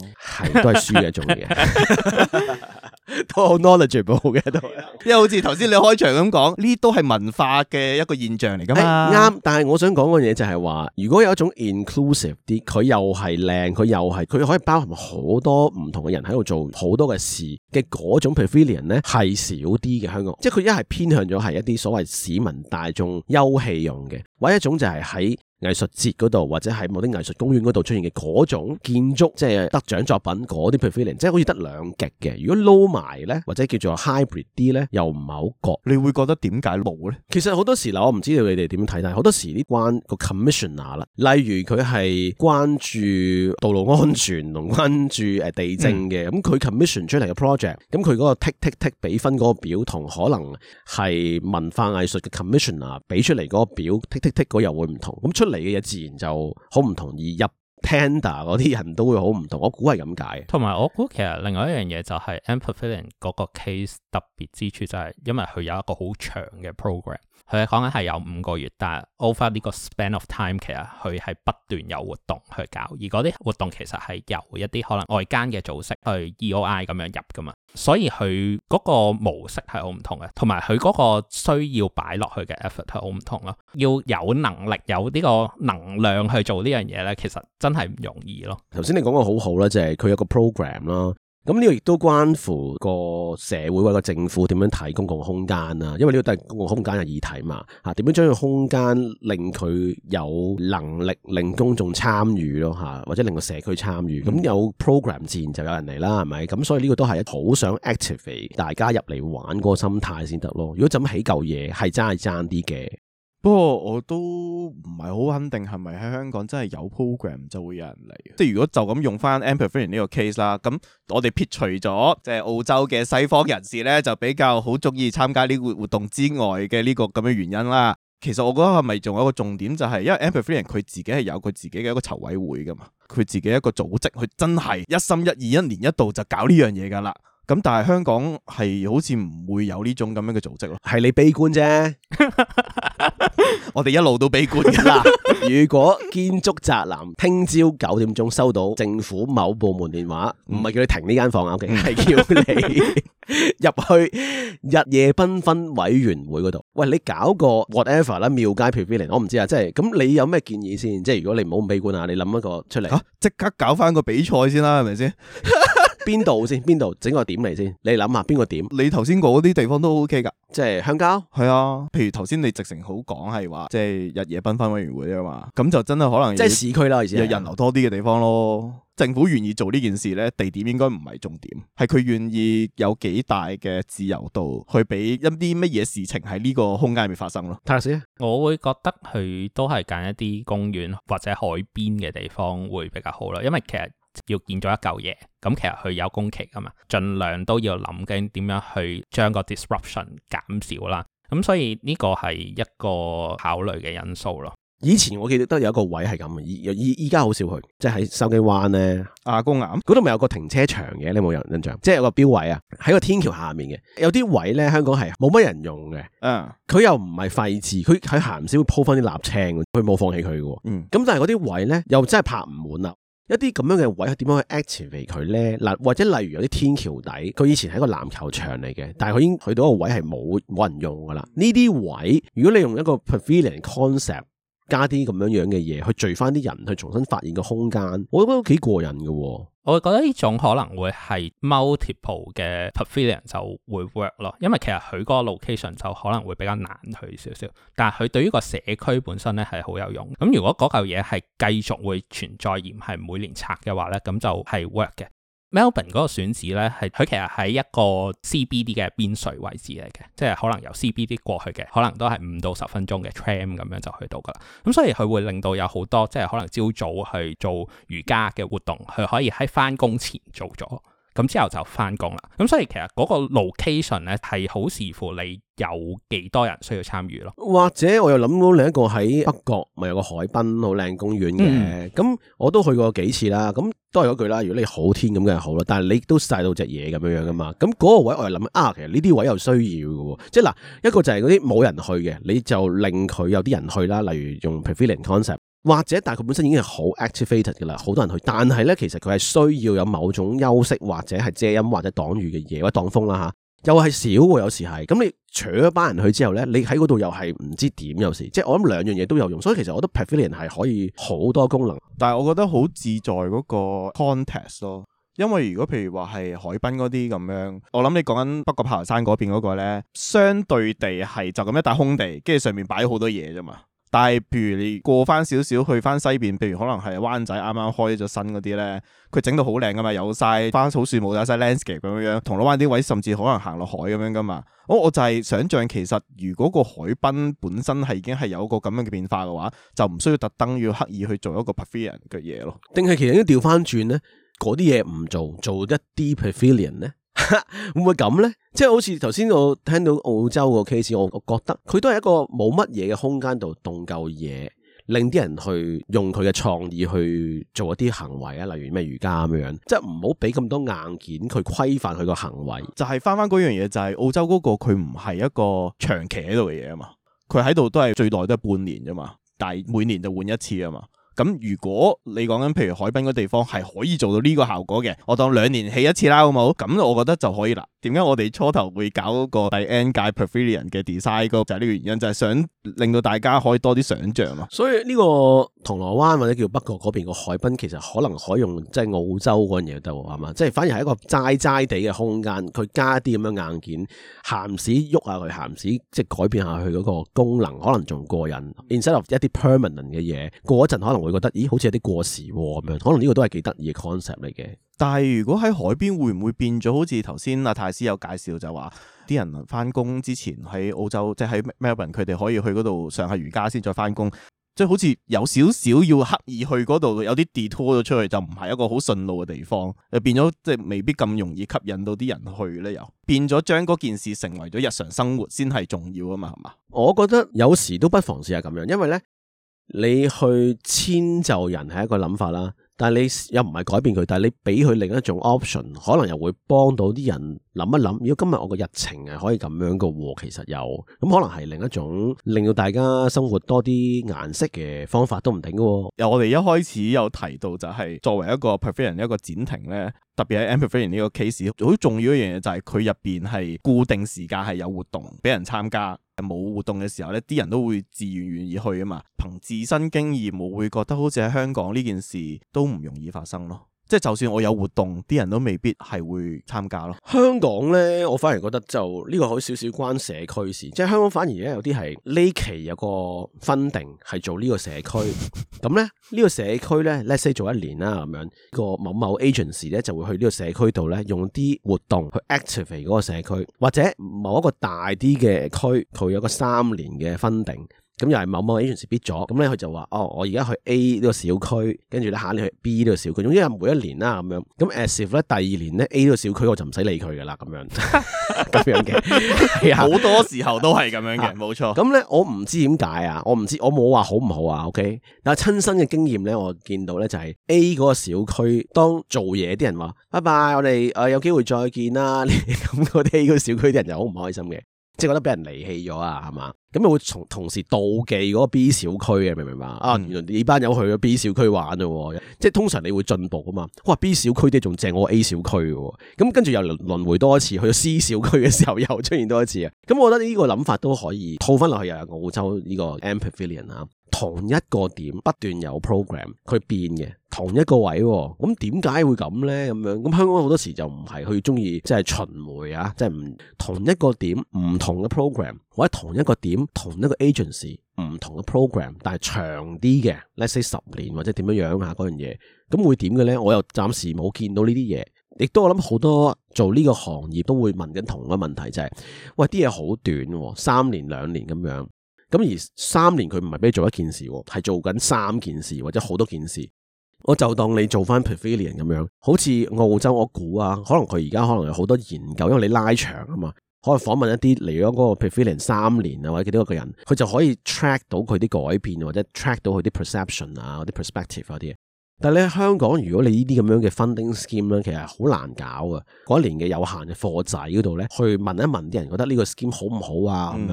係都係書嘅做嘢，都好 knowledgeable 嘅 都 know， 因為好似頭先你開場咁講，呢 都係文化嘅一個現象嚟噶嘛，啱。但係我想講嘅嘢就係話，如果有一種 inclusive 啲，佢又係靚，佢又係，佢可以包含好多唔同嘅人喺度做好多嘅事嘅嗰種 pavilion 咧，係少啲嘅香港，即係佢。一係偏向咗係一啲所謂市民大眾休憩用嘅，或者一種就係喺藝術節嗰度或者喺某啲藝術公園嗰度出現嘅嗰種建築，即係得獎作品嗰啲，配分零，即係好似得兩極嘅。如果撈埋咧，或者叫做 hybrid 啲咧，又唔係好覺。你會覺得點解冇咧？其實好多時嗱，我唔知道你哋點睇，但係好多時啲關個 commissioner 啦，例如佢係關注道路安全同關注誒地震嘅，咁佢、嗯、commission 出嚟嘅 project，咁佢嗰個 tick tick tick 畀分嗰個表，同可能係文化藝術嘅 commissioner 俾出嚟嗰個表，tick tick tick 嗰又會唔同，咁出嚟嘅嘢自然就好唔同，意入 tender 嗰啲人都會好唔同，我估係咁解。同埋我估其實另外一樣嘢就係 MPavilion 嗰個 case 特別之處就係、是、因為佢有一個好長嘅 program。佢講緊係有五個月，但係 over 呢個 span of time，其實佢係不斷有活動去搞，而嗰啲活動其實係由一啲可能外間嘅組織去 E.O.I. 咁樣入噶嘛，所以佢嗰個模式係好唔同嘅，同埋佢嗰個需要擺落去嘅 effort 係好唔同咯。要有能力有呢個能量去做呢樣嘢咧，其實真係唔容易咯。頭先你講嘅好好啦，就係、是、佢有個 program 啦。咁呢個亦都關乎個社會或者個政府點樣睇公共空間啊。因為呢個都係公共空間嘅議題嘛，吓，點樣將個空間令佢有能力令公眾參與咯，吓，或者令個社區參與，咁、嗯、有 program 自然就有人嚟啦，係咪？咁所以呢個都係好想 activate 大家入嚟玩嗰個心態先得咯。如果就咁起嚿嘢，係真係爭啲嘅。不過我都唔係好肯定係咪喺香港真係有 program 就會有人嚟。即係如果就咁用翻 MPavilion 呢個 case 啦，咁我哋撇除咗即係澳洲嘅西方人士咧，就比較好中意參加呢個活動之外嘅呢個咁嘅原因啦。其實我覺得係咪仲有一個重點，就係因為 MPavilion 佢自己係有佢自己嘅一個籌委會噶嘛，佢自己一個組織佢真係一心一意一年一度就搞呢樣嘢噶啦。咁但係香港係好似唔會有呢種咁樣嘅組織咯，係你悲觀啫。 我哋一路都悲觀噶啦。 如果建築宅男聽朝九點鐘收到政府某部門電話，唔係、嗯、叫你停呢間房，O K，係叫你入 去日夜繽紛委員會嗰度。喂，你搞個 whatever 啦，廟街皮皮零，我唔知啊。即係咁，你有咩建議先？即係如果你唔好咁悲觀啊，你諗一個出嚟。即、啊、刻搞翻個比賽先啦，係咪先？邊度 先？邊度整個點嚟先？你諗下邊個點？你頭先講啲地方都 O K 噶，即係鄉郊係啊。譬如頭先你直情好講係話，即係日夜繽紛委員會啊嘛。咁就真係可能即係市區啦，而家人流多啲嘅地方咯。政府願意做呢件事呢，地點應該唔係重點，係佢願意有幾大嘅自由度去俾一啲乜嘢事情喺呢個空間入面發生咯。睇下先，我會覺得佢都係揀一啲公園或者海邊嘅地方會比較好啦，因為其實。要建咗一嚿嘢，咁其實佢有工期噶嘛，盡量都要諗緊點樣去將個 disruption 減少啦。咁所以呢個係一個考慮嘅因素咯。以前我記得都有一個位係咁，依依依家好少去，即係喺筲箕灣咧，阿、啊、公岩嗰度咪有個停車場嘅？你有冇印象？即係有個標位啊，喺個天橋下面嘅，有啲位咧，香港係冇乜人用嘅。嗯，佢又唔係廢置，佢喺閒時會鋪翻啲瀝青，佢冇放棄佢嘅。嗯，咁但係嗰啲位咧，又真係拍唔滿啦。一啲咁樣嘅位係點樣去 activate 佢咧？嗱，或者例如有啲天橋底，佢以前係一個籃球場嚟嘅，但係佢已經去到一個位係冇冇人用嘅啦。呢啲位，如果你用一個 pavilion concept。加啲咁樣樣嘅嘢去聚翻啲人去重新發現個空間，我覺得幾過癮嘅。哦。我會覺得呢種可能會係 multiple 嘅 pavilion 就會 work 咯，因為其實佢嗰個 location 就可能會比較難去少少，但係佢對於個社區本身咧係好有用。咁如果嗰嚿嘢係繼續會存在而唔係每年拆嘅話咧，咁就係 work 嘅。Melbourne 嗰個選址咧，係佢其實喺一個 CBD 嘅邊陲位置嚟嘅，即係可能由 CBD 過去嘅，可能都係五到十分鐘嘅 tram 咁樣就去到噶啦。咁所以佢會令到有好多即係可能朝早去做瑜伽嘅活動，佢可以喺返工前做咗。咁之後就翻工啦。咁所以其實嗰個 location 咧係好視乎你有幾多人需要參與咯。或者我又諗到另一個喺北角，咪有個海濱好靚公園嘅。咁、嗯、我都去過幾次啦。咁都係嗰句啦。如果你好天咁梗係好啦，但係你都曬到隻嘢咁樣樣啊嘛。咁、那、嗰個位我又諗啊，其實呢啲位又需要嘅。即係嗱，一個就係嗰啲冇人去嘅，你就令佢有啲人去啦。例如用 Pavilion concept。或者，但係佢本身已經係好 activated 嘅啦，好多人去。但係呢，其實佢係需要有某種休息，或者係遮陰，或者擋雨嘅嘢，或者擋風啦嚇。又係少喎，有時係。咁你除咗班人去之後呢，你喺嗰度又係唔知點有時。即係我諗兩樣嘢都有用，所以其實我覺得 pavilion 係可以好多功能。但係我覺得好自在嗰個 context 咯，因為如果譬如話係海濱嗰啲咁樣，我諗你講緊北角炮台山嗰邊嗰個咧，相對地係就咁一帶空地，跟住上面擺好多嘢啫嘛。但係，譬如你過翻少少去翻西邊，譬如可能係灣仔啱啱開咗新嗰啲咧，佢整到好靚噶嘛，有晒花草樹木，有晒 landscape 咁樣樣，銅鑼灣啲位甚至可能行落海咁樣噶嘛。我我就係想像，其實如果個海濱本身係已經係有個咁樣嘅變化嘅話，就唔需要特登要刻意去做一個 pavilion 嘅嘢咯。定係其實要調翻轉咧，嗰啲嘢唔做，做一啲 pavilion 咧。 會唔會咁呢？即係好似頭先我聽到澳洲個 case，我我覺得佢都係一個冇乜嘢嘅空間度棟夠嘢，令啲人去用佢嘅創意去做一啲行為啊，例如咩瑜伽咁樣，即係唔好俾咁多硬件去規範佢個行為。就係翻翻嗰樣嘢，就係澳洲嗰個佢唔係一個長期喺度嘅嘢啊嘛，佢喺度都係最耐都係半年啫嘛，但係每年就換一次啊嘛。咁如果你講緊譬如海濱嗰地方係可以做到呢個效果嘅，我當兩年起一次啦，好唔好？咁我覺得就可以啦。點解我哋初頭會搞個第 N 屆 Pavilion 嘅 design？個就係呢個原因，就係想令到大家可以多啲想像啊。所以呢個銅鑼灣或者叫北角嗰邊個海濱，其實可能可用即係澳洲嗰樣嘢得喎，係嘛？即係反而係一個齋齋地嘅空間，佢加啲咁樣硬件，閒時喐下佢，閒時，即係改變下佢嗰個功能，可能仲過癮。Instead of 一啲 permanent 嘅嘢，過一陣可能會，覺得咦，好似有啲過時咁樣，可能呢個都係幾得意嘅 concept 嚟嘅。但係如果喺海邊，會唔會變咗好似頭先阿泰斯有介紹就話，啲人翻工之前喺澳洲，即係喺 Melbourne，佢哋可以去嗰度上下瑜伽先再翻工，即係好似有少少要刻意去嗰度，有啲 detour 咗出去，就唔係一個好順路嘅地方，就變咗即係未必咁容易吸引到啲人去咧。又變咗將嗰件事成為咗日常生活先係重要啊嘛，係嘛？我覺得有時都不妨試下咁樣，因為咧。你去遷就人係一個諗法啦，但係你又唔係改變佢，但係你俾佢另一種 option，可能又會幫到啲人諗一諗。如果今日我個日程係可以咁樣嘅，其實又咁可能係另一種令到大家生活多啲顏色嘅方法都唔定嘅、哦。由我哋一開始有提到就係、是、作為一個 Pavilion 一個展停咧，特別喺 MPavilion 呢個 case，好重要嘅一樣嘢就係佢入邊係固定時間係有活動俾人參加。冇活動嘅時候咧，啲人都會自願願意去啊嘛，憑自身經驗，唔會覺得好似喺香港呢件事都唔容易發生咯。即係就算我有活動，啲人都未必係會參加咯。香港咧，我反而覺得就呢、呢個好少少關社區事。即係香港反而咧有啲係呢期有個 funding 係做呢個社區。咁咧呢、呢個社區咧，let's say 做一年啦咁樣，呢個某某 agents 咧就會去呢個社區度咧用啲活動去 activate 嗰個社區，或者某一個大啲嘅區佢有個三年嘅 funding。咁又係某某 agent B 咗，咁咧佢就話哦，我而家去 A 呢個小區，跟住咧下年去 B 呢個小區，總之係每一年啦咁樣。咁 as if 咧第二年咧 A 呢個小區我就唔使理佢噶啦，咁樣咁 樣嘅，好、 啊、多時候都係咁樣嘅，冇錯。咁咧我唔知點解啊，錯啊我唔知我冇話好唔好啊。OK，但係親身嘅經驗咧，我見到咧就係、是、A 嗰個小區當做嘢，啲人話拜拜，我哋誒、呃、有機會再見啦。咁我哋 A 個小區啲人就好唔開心嘅。即係覺得俾人離棄咗啊，係嘛？咁又會同同時妒忌嗰個 B 小區嘅，明唔明白？嗯、啊，原來呢班友去咗 B 小區玩咯，即係通常你會進步啊嘛。哇，B 小區啲仲正我 A 小區嘅，咁跟住又輪迴多一次，去咗 C 小區嘅時候又出現多一次啊。咁、嗯、我覺得呢個諗法都可以套翻落去，又有澳洲呢個 MPavilion 同一個點不斷有 program，佢變嘅。同一個位，咁點解會咁呢？咁樣咁香港好多時就唔係去中意即係巡回啊，即係唔同一個點，唔同嘅 program，或者同一個點同一個 agency 唔同嘅 program，但係長啲嘅，let’s say 十年或者點樣樣啊嗰樣嘢，咁會點嘅呢？我又暫時冇見到呢啲嘢，亦都我諗好多做呢個行業都會問緊同一個問題，就係、是、喂啲嘢好短，三年兩年咁樣，咁而三年佢唔係俾你做一件事，係做緊三件事或者好多件事。我就當你做翻 pavilion 咁樣，好似澳洲，我估啊，可能佢而家可能有好多研究，因為你拉長啊嘛，可以訪問一啲嚟咗嗰個 pavilion 三年啊或者幾多個人，佢就可以 track 到佢啲改變，或者 track 到佢啲 perception 啊、啲 perspective 嗰啲嘢。但係咧，香港如果你呢啲咁樣嘅 funding scheme 咧，其實好難搞啊。嗰一年嘅有限嘅貨仔嗰度咧，去問一問啲人，覺得呢個 scheme 好唔好啊？咁樣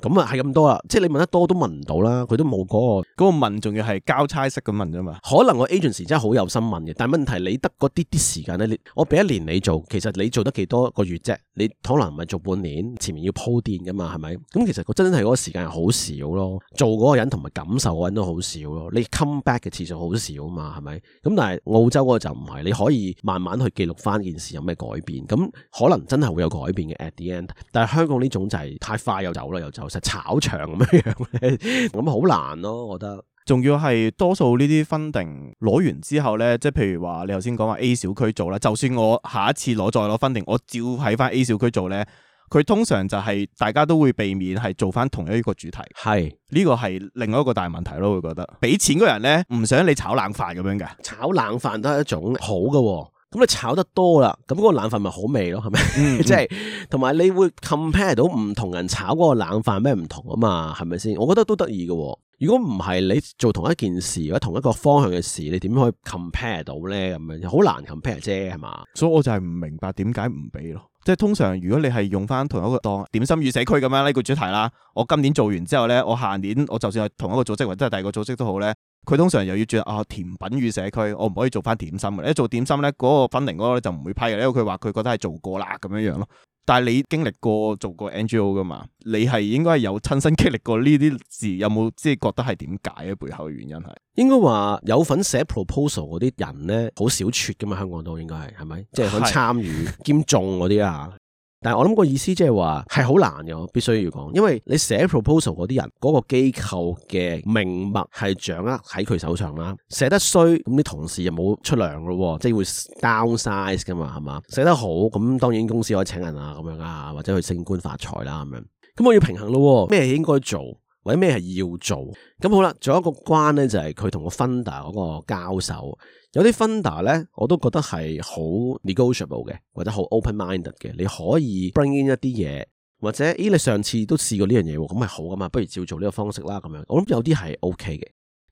咁啊，嗯，係咁多啦。即係你問得多都問唔到啦，佢都冇嗰個，嗰個問，仲要係交叉式咁問啫嘛。可能我 agent 真係好有心問嘅，但係問題你得嗰啲啲時間咧，你我俾一年你做，其實你做得幾多個月啫？你可能唔係做半年，前面要鋪墊嘅嘛，係咪？咁其實真係嗰個時間好少咯，做嗰個人同埋感受個人都好少咯。你 come back 嘅次數好少啊嘛。咪咁，但係澳洲嗰個就唔係，你可以慢慢去記錄翻件事有咩改變，咁可能真係會有改變嘅。At the end，但係香港呢種就係太快又走啦，又走實炒場咁樣樣咧，咁好難咯。我覺得仲、啊、要係多數呢啲 funding 攞完之後呢，即係譬如話你頭先講話 A 小區做啦，就算我下一次攞再攞 funding，我照喺翻 A 小區做呢。佢通常就係大家都會避免係做翻同一個主題是，係呢個係另外一個大問題咯。會覺得俾錢嗰人咧唔想你炒冷飯咁樣嘅，炒冷飯都係一種好嘅、哦。咁你炒得多啦，咁嗰個冷飯咪好味咯，係咪？即係同埋你會 compare 到唔同人炒嗰個冷飯咩唔同啊嘛，係咪先？我覺得都得意嘅。如果唔係你做同一件事或者同一個方向嘅事，你點可以 compare 到咧？咁樣好難 compare 啫，係嘛？所以我就係唔明白點解唔俾咯。即係通常，如果你係用翻同一個當點心與社區咁樣呢、呢個主題啦，我今年做完之後呢，我下年我就算係同一個組織或者係第二個組織都好呢，佢通常又要轉啊、哦、甜品與社區，我唔可以做翻點心嘅咧，一做點心呢，嗰、嗰個 funding 嗰個咧就唔會批嘅，因為佢話佢覺得係做過啦咁樣樣咯。但係你經歷過做過 NGO 㗎嘛，你係應該有親身經歷過呢啲事，有冇即係覺得係點解啊，背後嘅原因係應該話有份寫 proposal 嗰啲人咧，好少缺㗎嘛，香港都應該係係咪？即係、就是、想參與是兼眾嗰啲啊？ 但係我諗個意思即係話係好難嘅，必須要講，因為你寫 proposal 嗰啲人，嗰、嗰個機構嘅命脈係掌握喺佢手上啦。寫得衰咁啲同事又冇出糧咯，即係會 downsize 噶嘛，係嘛？寫得好咁，當然公司可以請人啊，咁樣啊，或者去升官發財啦，咁樣。咁我要平衡咯，咩係應該做，或者咩係要做？咁好啦，仲有一個關咧，就係佢同個 funder 嗰個交手。有啲 funder 咧，我都覺得係好 negotiable 嘅，或者好 open minded 嘅。你可以 bring in 一啲嘢，或者咦，你上次都試過呢樣嘢喎，咁咪好噶嘛？不如照做呢個方式啦。咁樣我諗有啲係 OK 嘅，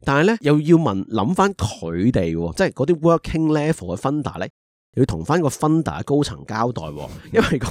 但係咧又要問諗翻佢哋，即係嗰啲 working level 嘅 funder 咧，要同翻個 funder 高層交代。因為個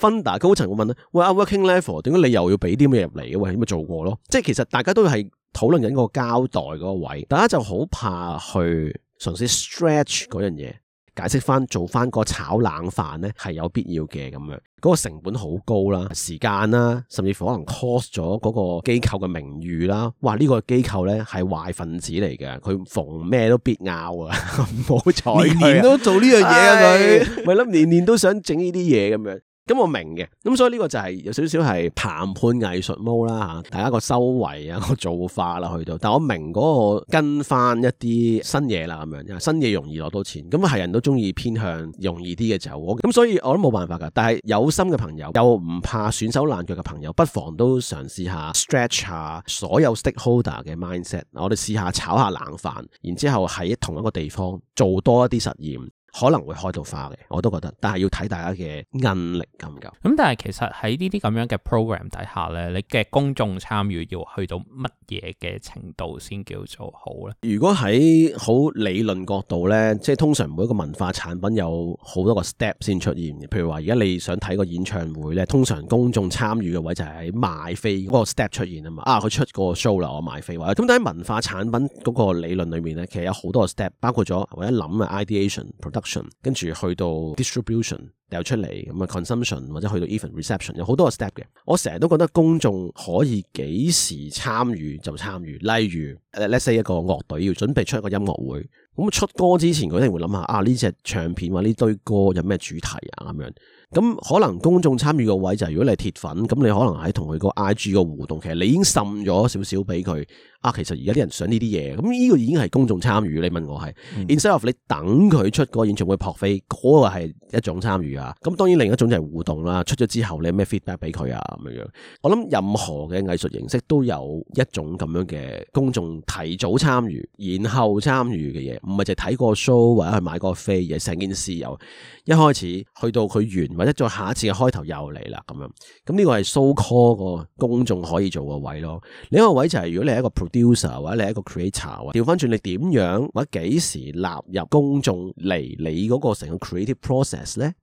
funder 高層會問咧，喂、啊，working level 點解你又要俾啲咩入嚟嘅喂，咁咪做過咯。即係其實大家都係討論緊個交代嗰個位，大家就好怕去。嘗試 stretch 嗰樣嘢，解釋翻做翻個炒冷飯咧係有必要嘅咁樣，嗰、個成本好高啦，時間啦，甚至乎可能 cost 咗嗰個機構嘅名譽啦，話呢、個機構咧係壞分子嚟嘅，佢逢咩都必拗啊，唔好睬佢，年年都做呢樣嘢啊佢，咪諗年年都想整呢啲嘢咁樣。咁我明嘅，咁所以呢個就係有少少係談判藝術貓啦吓，大家個修為啊個做法啦去到，但我明嗰個跟翻一啲新嘢啦咁樣，新嘢容易攞到錢，咁係人都中意偏向容易啲嘅就，咁所以我都冇辦法噶。但係有心嘅朋友，又唔怕損手爛腳嘅朋友，不妨都嘗試下 stretch 下所有 stakeholder 嘅 mindset，我哋試下炒下冷飯，然之後喺同一個地方做多一啲實驗。可能會開到花嘅，我都覺得，但係要睇大家嘅韌力夠唔夠。咁但係其實喺呢啲咁樣嘅 program 底下咧，你嘅公眾參與要去到乜嘢嘅程度先叫做好咧？如果喺好理論角度咧，即係通常每一個文化產品有好多個 step 先出現。譬如話，而家你想睇個演唱會咧，通常公眾參與嘅位就喺買飛嗰個 step 出現啊嘛。啊，佢出個 show 啦，我買飛。咁但喺文化產品嗰個理論裏面咧，其實有好多個 step，包括咗我一諗嘅 ideation。跟住去到 distribution 掉出嚟，咁啊 consumption 或者去到 even reception 有好多個 step 嘅。我成日都覺得公眾可以幾時參與就參與，例如，let's say 一個樂隊要準備出一個音樂會，咁出歌之前佢一定會諗下啊，呢隻唱片或呢堆歌有咩主題啊咁樣，咁可能公眾參與嘅位就係如果你係鐵粉，咁你可能喺同佢個 IG 個互動，其實你已經滲咗少少俾佢。啊，其實而家啲人想呢啲嘢，咁呢個已經係公眾參與。你問我係、嗯、instead of 你等佢出個演唱會撲飛，嗰、那個係一種參與啊。咁當然另一種就係互動啦。出咗之後你有咩 feedback 俾佢啊咁樣。我諗任何嘅藝術形式都有一種咁樣嘅公眾提早參與，然後參與嘅嘢，唔係就係睇個 show 或者係買個飛嘅。成件事由一開始去到佢完，或者再下一次嘅開頭又嚟啦咁樣。咁呢個係 so call 個公眾可以做個位咯。另一個位就係、是、如果你係一個。u 或者你係一個 creator 啊，調翻轉你點樣或者幾時納入公眾嚟你嗰個成個 creative process 咧？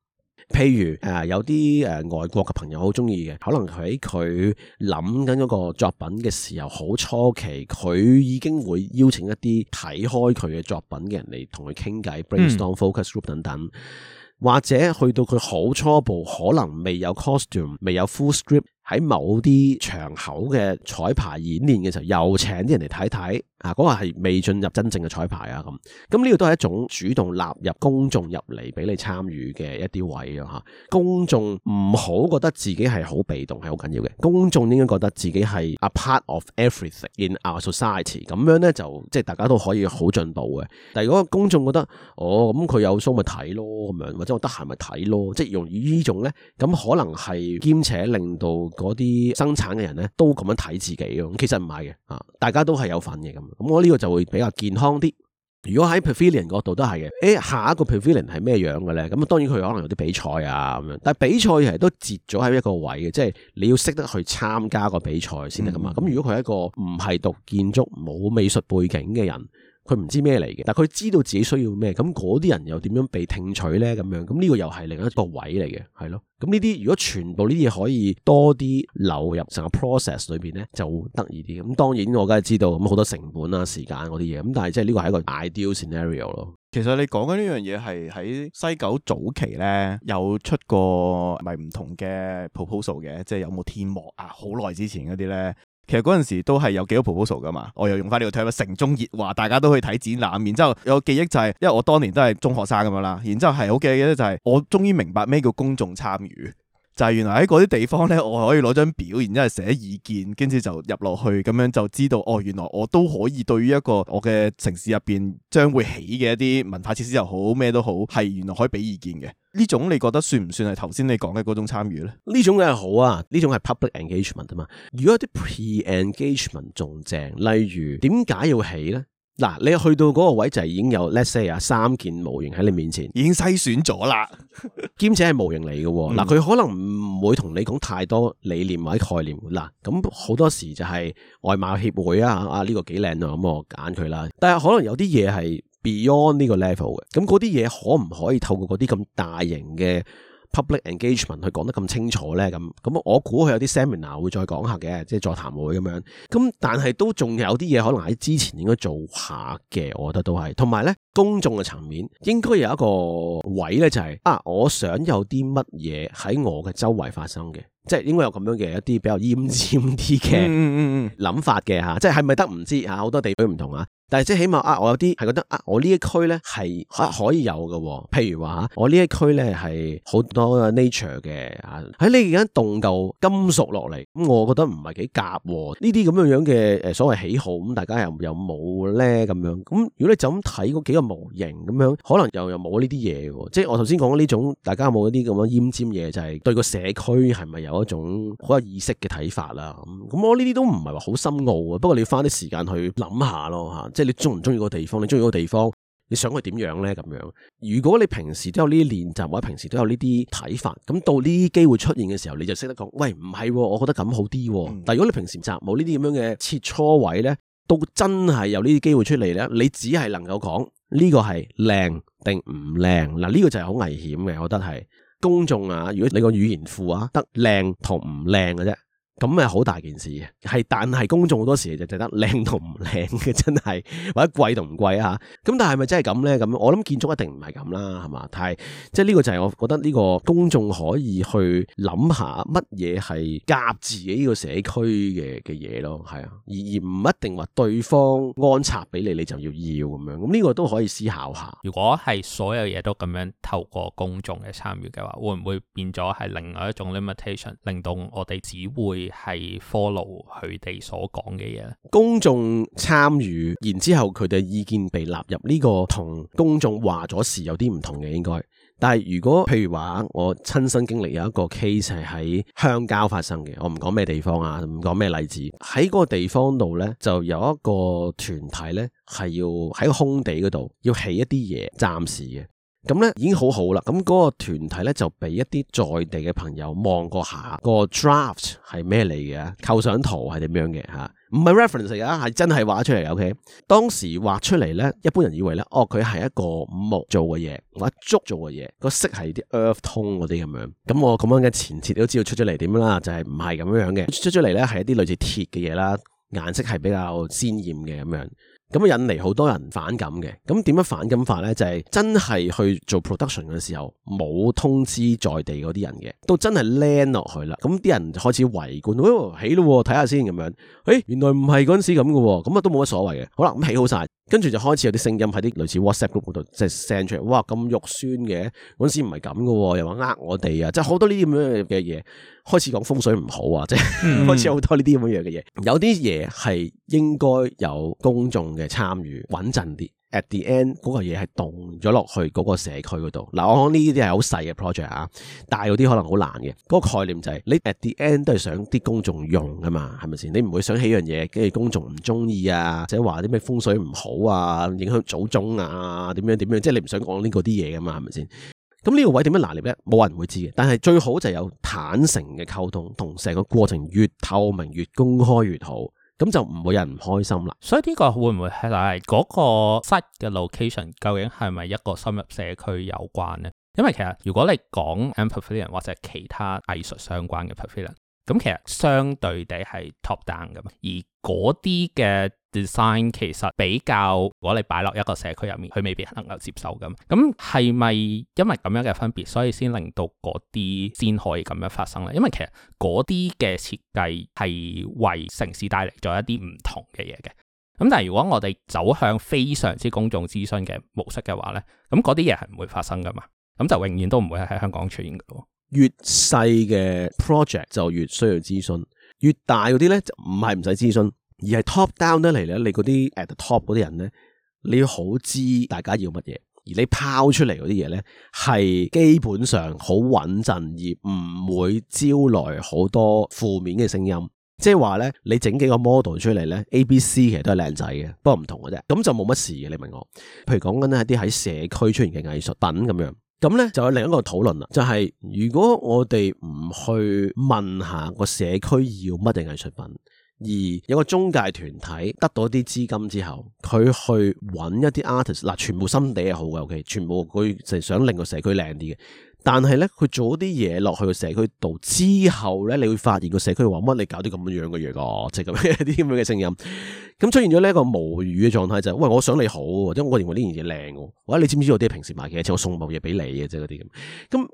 譬如誒、呃、有啲誒外國嘅朋友好中意嘅，可能喺佢諗緊嗰個作品嘅時候，好初期佢已經會邀請一啲睇開佢嘅作品嘅人嚟同佢傾偈 brainstorm focus group 等等，或者去到佢好初步，可能未有 costume，未有 full script。喺某啲場口嘅彩排演練嘅時候，又請啲人嚟睇睇，啊嗰、那個係未進入真正嘅彩排啊咁。咁呢個都係一種主動納入公眾入嚟俾你參與嘅一啲位啊。嚇。公眾唔好覺得自己係好被動係好緊要嘅。公眾應該覺得自己係 a part of everything in our society。咁樣呢，就即係大家都可以好進步嘅。但係如果公眾覺得哦咁佢有 show 咪睇咯咁樣，或者我得閒咪睇咯，即係用於呢種呢，咁可能係兼且令到。嗰啲生產嘅人咧，都咁樣睇自己咯。其實唔係嘅，啊，大家都係有份嘅咁。咁我呢個就會比較健康啲。如果喺 Pavilion 嗰度都係嘅，誒，下一個 Pavilion 係咩樣嘅咧？咁啊，當然佢可能有啲比賽啊咁樣，但係比賽其實都截咗喺一個位嘅，即係你要識得去參加個比賽先得噶嘛。咁，嗯，如果佢係一個唔係讀建築、冇美術背景嘅人。佢唔知咩嚟嘅，但佢知道自己需要咩，咁嗰啲人又點樣被聽取呢？咁樣，咁、這、呢個又係另一個位嚟嘅，係咯。咁呢啲如果全部呢啲嘢可以多啲流入成個 process 裏邊呢，就得意啲。咁當然我梗係知道咁好多成本啊、時間嗰啲嘢。咁但係即係呢個係一個 ideal scenario 咯。其實你講緊呢樣嘢係喺西九早期呢，有出過咪唔同嘅 proposal 嘅，即係有冇天幕啊？好耐之前嗰啲呢。其實嗰陣時都係有幾多 proposal 噶嘛，我又用翻呢個 topic 城中熱話，大家都去睇展覽。然之後有記憶就係、是，因為我當年都係中學生咁樣啦，然之後係好記憶咧就係、是，我終於明白咩叫公眾參與。就係原來喺嗰啲地方咧，我可以攞張表，然之後寫意見，跟住就入落去，咁樣就知道哦。原來我都可以對於一個我嘅城市入邊將會起嘅一啲文化設施又好，咩都好，係原來可以俾意見嘅。呢種你覺得算唔算係頭先你講嘅嗰種參與咧？呢種梗係好啊，呢種係 public engagement 啊嘛。如果啲 pre engagement 仲正，例如點解要起呢？嗱，你去到嗰個位就係已經有，let's say 啊，三件模型喺你面前，已經篩選咗啦，兼 且係模型嚟嘅。嗱，佢可能唔會同你講太多理念或者概念。嗱，咁好多時就係外貌協會啊，啊、這、呢個幾靚啊，咁我揀佢啦。但係可能有啲嘢係 beyond 呢個 level 嘅，咁嗰啲嘢可唔可以透過嗰啲咁大型嘅？public engagement 佢講得咁清楚咧，咁咁我估佢有啲 seminar 會再講下嘅，即係座談會咁樣，咁但係都仲有啲嘢可能喺之前應該做下嘅，我覺得都係。同埋咧，公眾嘅層面應該有一個位咧，就係，就係啊，我想有啲乜嘢喺我嘅周圍發生嘅，即係應該有咁樣嘅一啲比較奄尖啲嘅諗法嘅嚇，即係係咪得唔知嚇，好多地區唔同啊。但係即係起碼啊，我有啲係覺得啊，我呢一區咧係啊可以有嘅，哦，譬如話吓，我呢一區咧係好多 nature 嘅啊，喺呢而家棟舊金屬落嚟，咁我覺得唔係幾夾。呢啲咁樣樣嘅誒所謂喜好，咁大家又有冇咧咁樣。咁如果你就咁睇嗰幾個模型咁樣，可能又又冇呢啲嘢。即係我頭先講呢種，大家有冇一啲咁樣閹尖嘢，就係、是、對個社區係咪有一種好有意識嘅睇法啦。咁我呢啲都唔係話好深奧啊，不過你要花啲時間去諗下咯吓。即係你中唔中意個地方？你中意個地方，你想佢點樣咧？咁樣，如果你平時都有呢啲練習，或者平時都有呢啲睇法，咁到呢啲機會出現嘅時候，你就識得講，喂，唔係喎，我覺得咁好啲喎。嗯。但係如果你平時冇呢啲咁樣嘅切磋位咧，到真係有呢啲機會出嚟咧，你只係能夠講呢個係靚定唔靚嗱？呢個就係好危險嘅，我覺得係公眾啊，如果你個語言庫啊得靚同唔靚嘅啫。咁咪好大件事嘅，係但係公眾好多時就覺得靚同唔靚嘅，真係或者貴同唔貴啊。咁但係咪真係咁咧？咁我諗建築一定唔係咁啦，係嘛？但係即係呢個就係我覺得呢個公眾可以去諗下乜嘢係夾自己呢個社區嘅嘅嘢咯，係啊，而而唔一定話對方安插俾你，你就要要咁樣。咁呢個都可以思考下。如果係所有嘢都咁樣透過公眾嘅參與嘅話，會唔會變咗係另外一種 limitation，令到我哋只會係 follow 佢哋所講嘅嘢，公眾參與，然之後佢哋意見被納入呢個，同公眾話咗事有啲唔同嘅，應該。但係如果譬如話我親身經歷有一個 case 係喺鄉郊發生嘅，我唔講咩地方啊，唔講咩例子，喺嗰個地方度呢，就有一個團體呢，係要喺個空地嗰度要起一啲嘢，暫時嘅。咁咧已經好好啦，咁、那、嗰個團體咧就俾一啲在地嘅朋友望過下、那個 draft 係咩嚟嘅構想圖係點樣嘅嚇，唔係 reference 啊，係真係畫出嚟嘅。O、okay? K，當時畫出嚟咧，一般人以為咧，哦佢係一個木做嘅嘢，或者竹做嘅嘢，個色係啲 earth tone 嗰啲咁樣。咁我咁樣嘅前設都知道出咗嚟點啦，就係唔係咁樣嘅，出咗嚟咧係一啲類似鐵嘅嘢啦，顏色係比較鮮豔嘅咁樣。咁引嚟好多人反感嘅，咁點樣反感法呢？就係、是、真係去做 production 嘅時候冇通知在地嗰啲人嘅，都真係 land 落去啦，咁啲人就開始圍觀，哦、哎，起咯、啊，睇下先咁樣、哎，原來唔係嗰陣時咁嘅、啊，咁啊都冇乜所謂嘅，好啦，咁起好晒。跟住就開始有啲聲音喺啲類似 WhatsApp group 嗰度，即係 send 出嚟，哇咁肉酸嘅，嗰陣時唔係咁嘅，又話呃我哋啊，即係好多呢啲咁樣嘅嘢，開始講風水唔好啊，即係、嗯、開始好多呢啲咁樣嘅嘢，有啲嘢係應該有公眾嘅參與，穩陣啲。at the end 嗰個嘢係動咗落去嗰個社區嗰度，嗱、嗯、我講呢啲係好細嘅 project 啊，大啲可能好難嘅，嗰、嗰個概念就係、是、你 at the end 都係想啲公眾用噶嘛，係咪先？你唔會想起樣嘢跟住公眾唔中意啊，或者話啲咩風水唔好啊，影響祖宗啊，點樣點樣，即、就、係、是、你唔想講呢個啲嘢噶嘛，係咪先？咁呢個位點樣拿捏咧，冇人會知嘅，但係最好就係有坦誠嘅溝通，同成個過程越透明越公開越好。咁就唔會有人唔開心啦，所以呢個會唔會係嗱、係嗰個 site 嘅 location 究竟係咪一個深入社區有關呢？因為其實如果你講 MPavilion 或者其他藝術相關嘅 pavilion 咁其實相對地係 top down 噶嘛。而嗰啲嘅 design 其實比較，如果你擺落一個社區入面，佢未必能夠接受噶嘛。咁係咪因為咁樣嘅分別，所以先令到嗰啲先可以咁樣發生咧？因為其實嗰啲嘅設計係為城市帶嚟咗一啲唔同嘅嘢嘅。咁但係如果我哋走向非常之公眾諮詢嘅模式嘅話咧，咁嗰啲嘢係唔會發生噶嘛。咁就永遠都唔會喺香港出現噶喎。越細嘅 project 就越需要諮詢，越大嗰啲咧就唔係唔使諮詢，而係 top down 得嚟咧，你嗰啲 at the top 嗰啲人咧，你要好知大家要乜嘢，而你拋出嚟嗰啲嘢咧，係基本上好穩陣，而唔會招來好多負面嘅聲音。即係話咧，你整幾個 model 出嚟咧，A、B、C 其實都係靚仔嘅，不過唔同嘅啫，咁就冇乜事嘅。你問我，譬如講緊咧一啲喺社區出現嘅藝術品咁樣。等等咁呢就有另一個討論啦，就係、是、如果我哋唔去問下個社區要乜嘢藝術品，而有個中介團體得到啲資金之後，佢去揾一啲 artist 嗱，全部心地係好嘅，OK，全部佢就想令個社區靚啲嘅。但係咧，佢做啲嘢落去個社區度之後咧，你會發現個社區話乜？你搞啲咁樣嘅嘢個，即係咁一啲咁樣嘅聲音。咁出現咗呢一個無語嘅狀態就係、是，喂，我想你好，因為我認為呢件嘢靚。或者你知唔知道啲平時買嘅嘢，我送部嘢俾你嘅啫，嗰啲咁。咁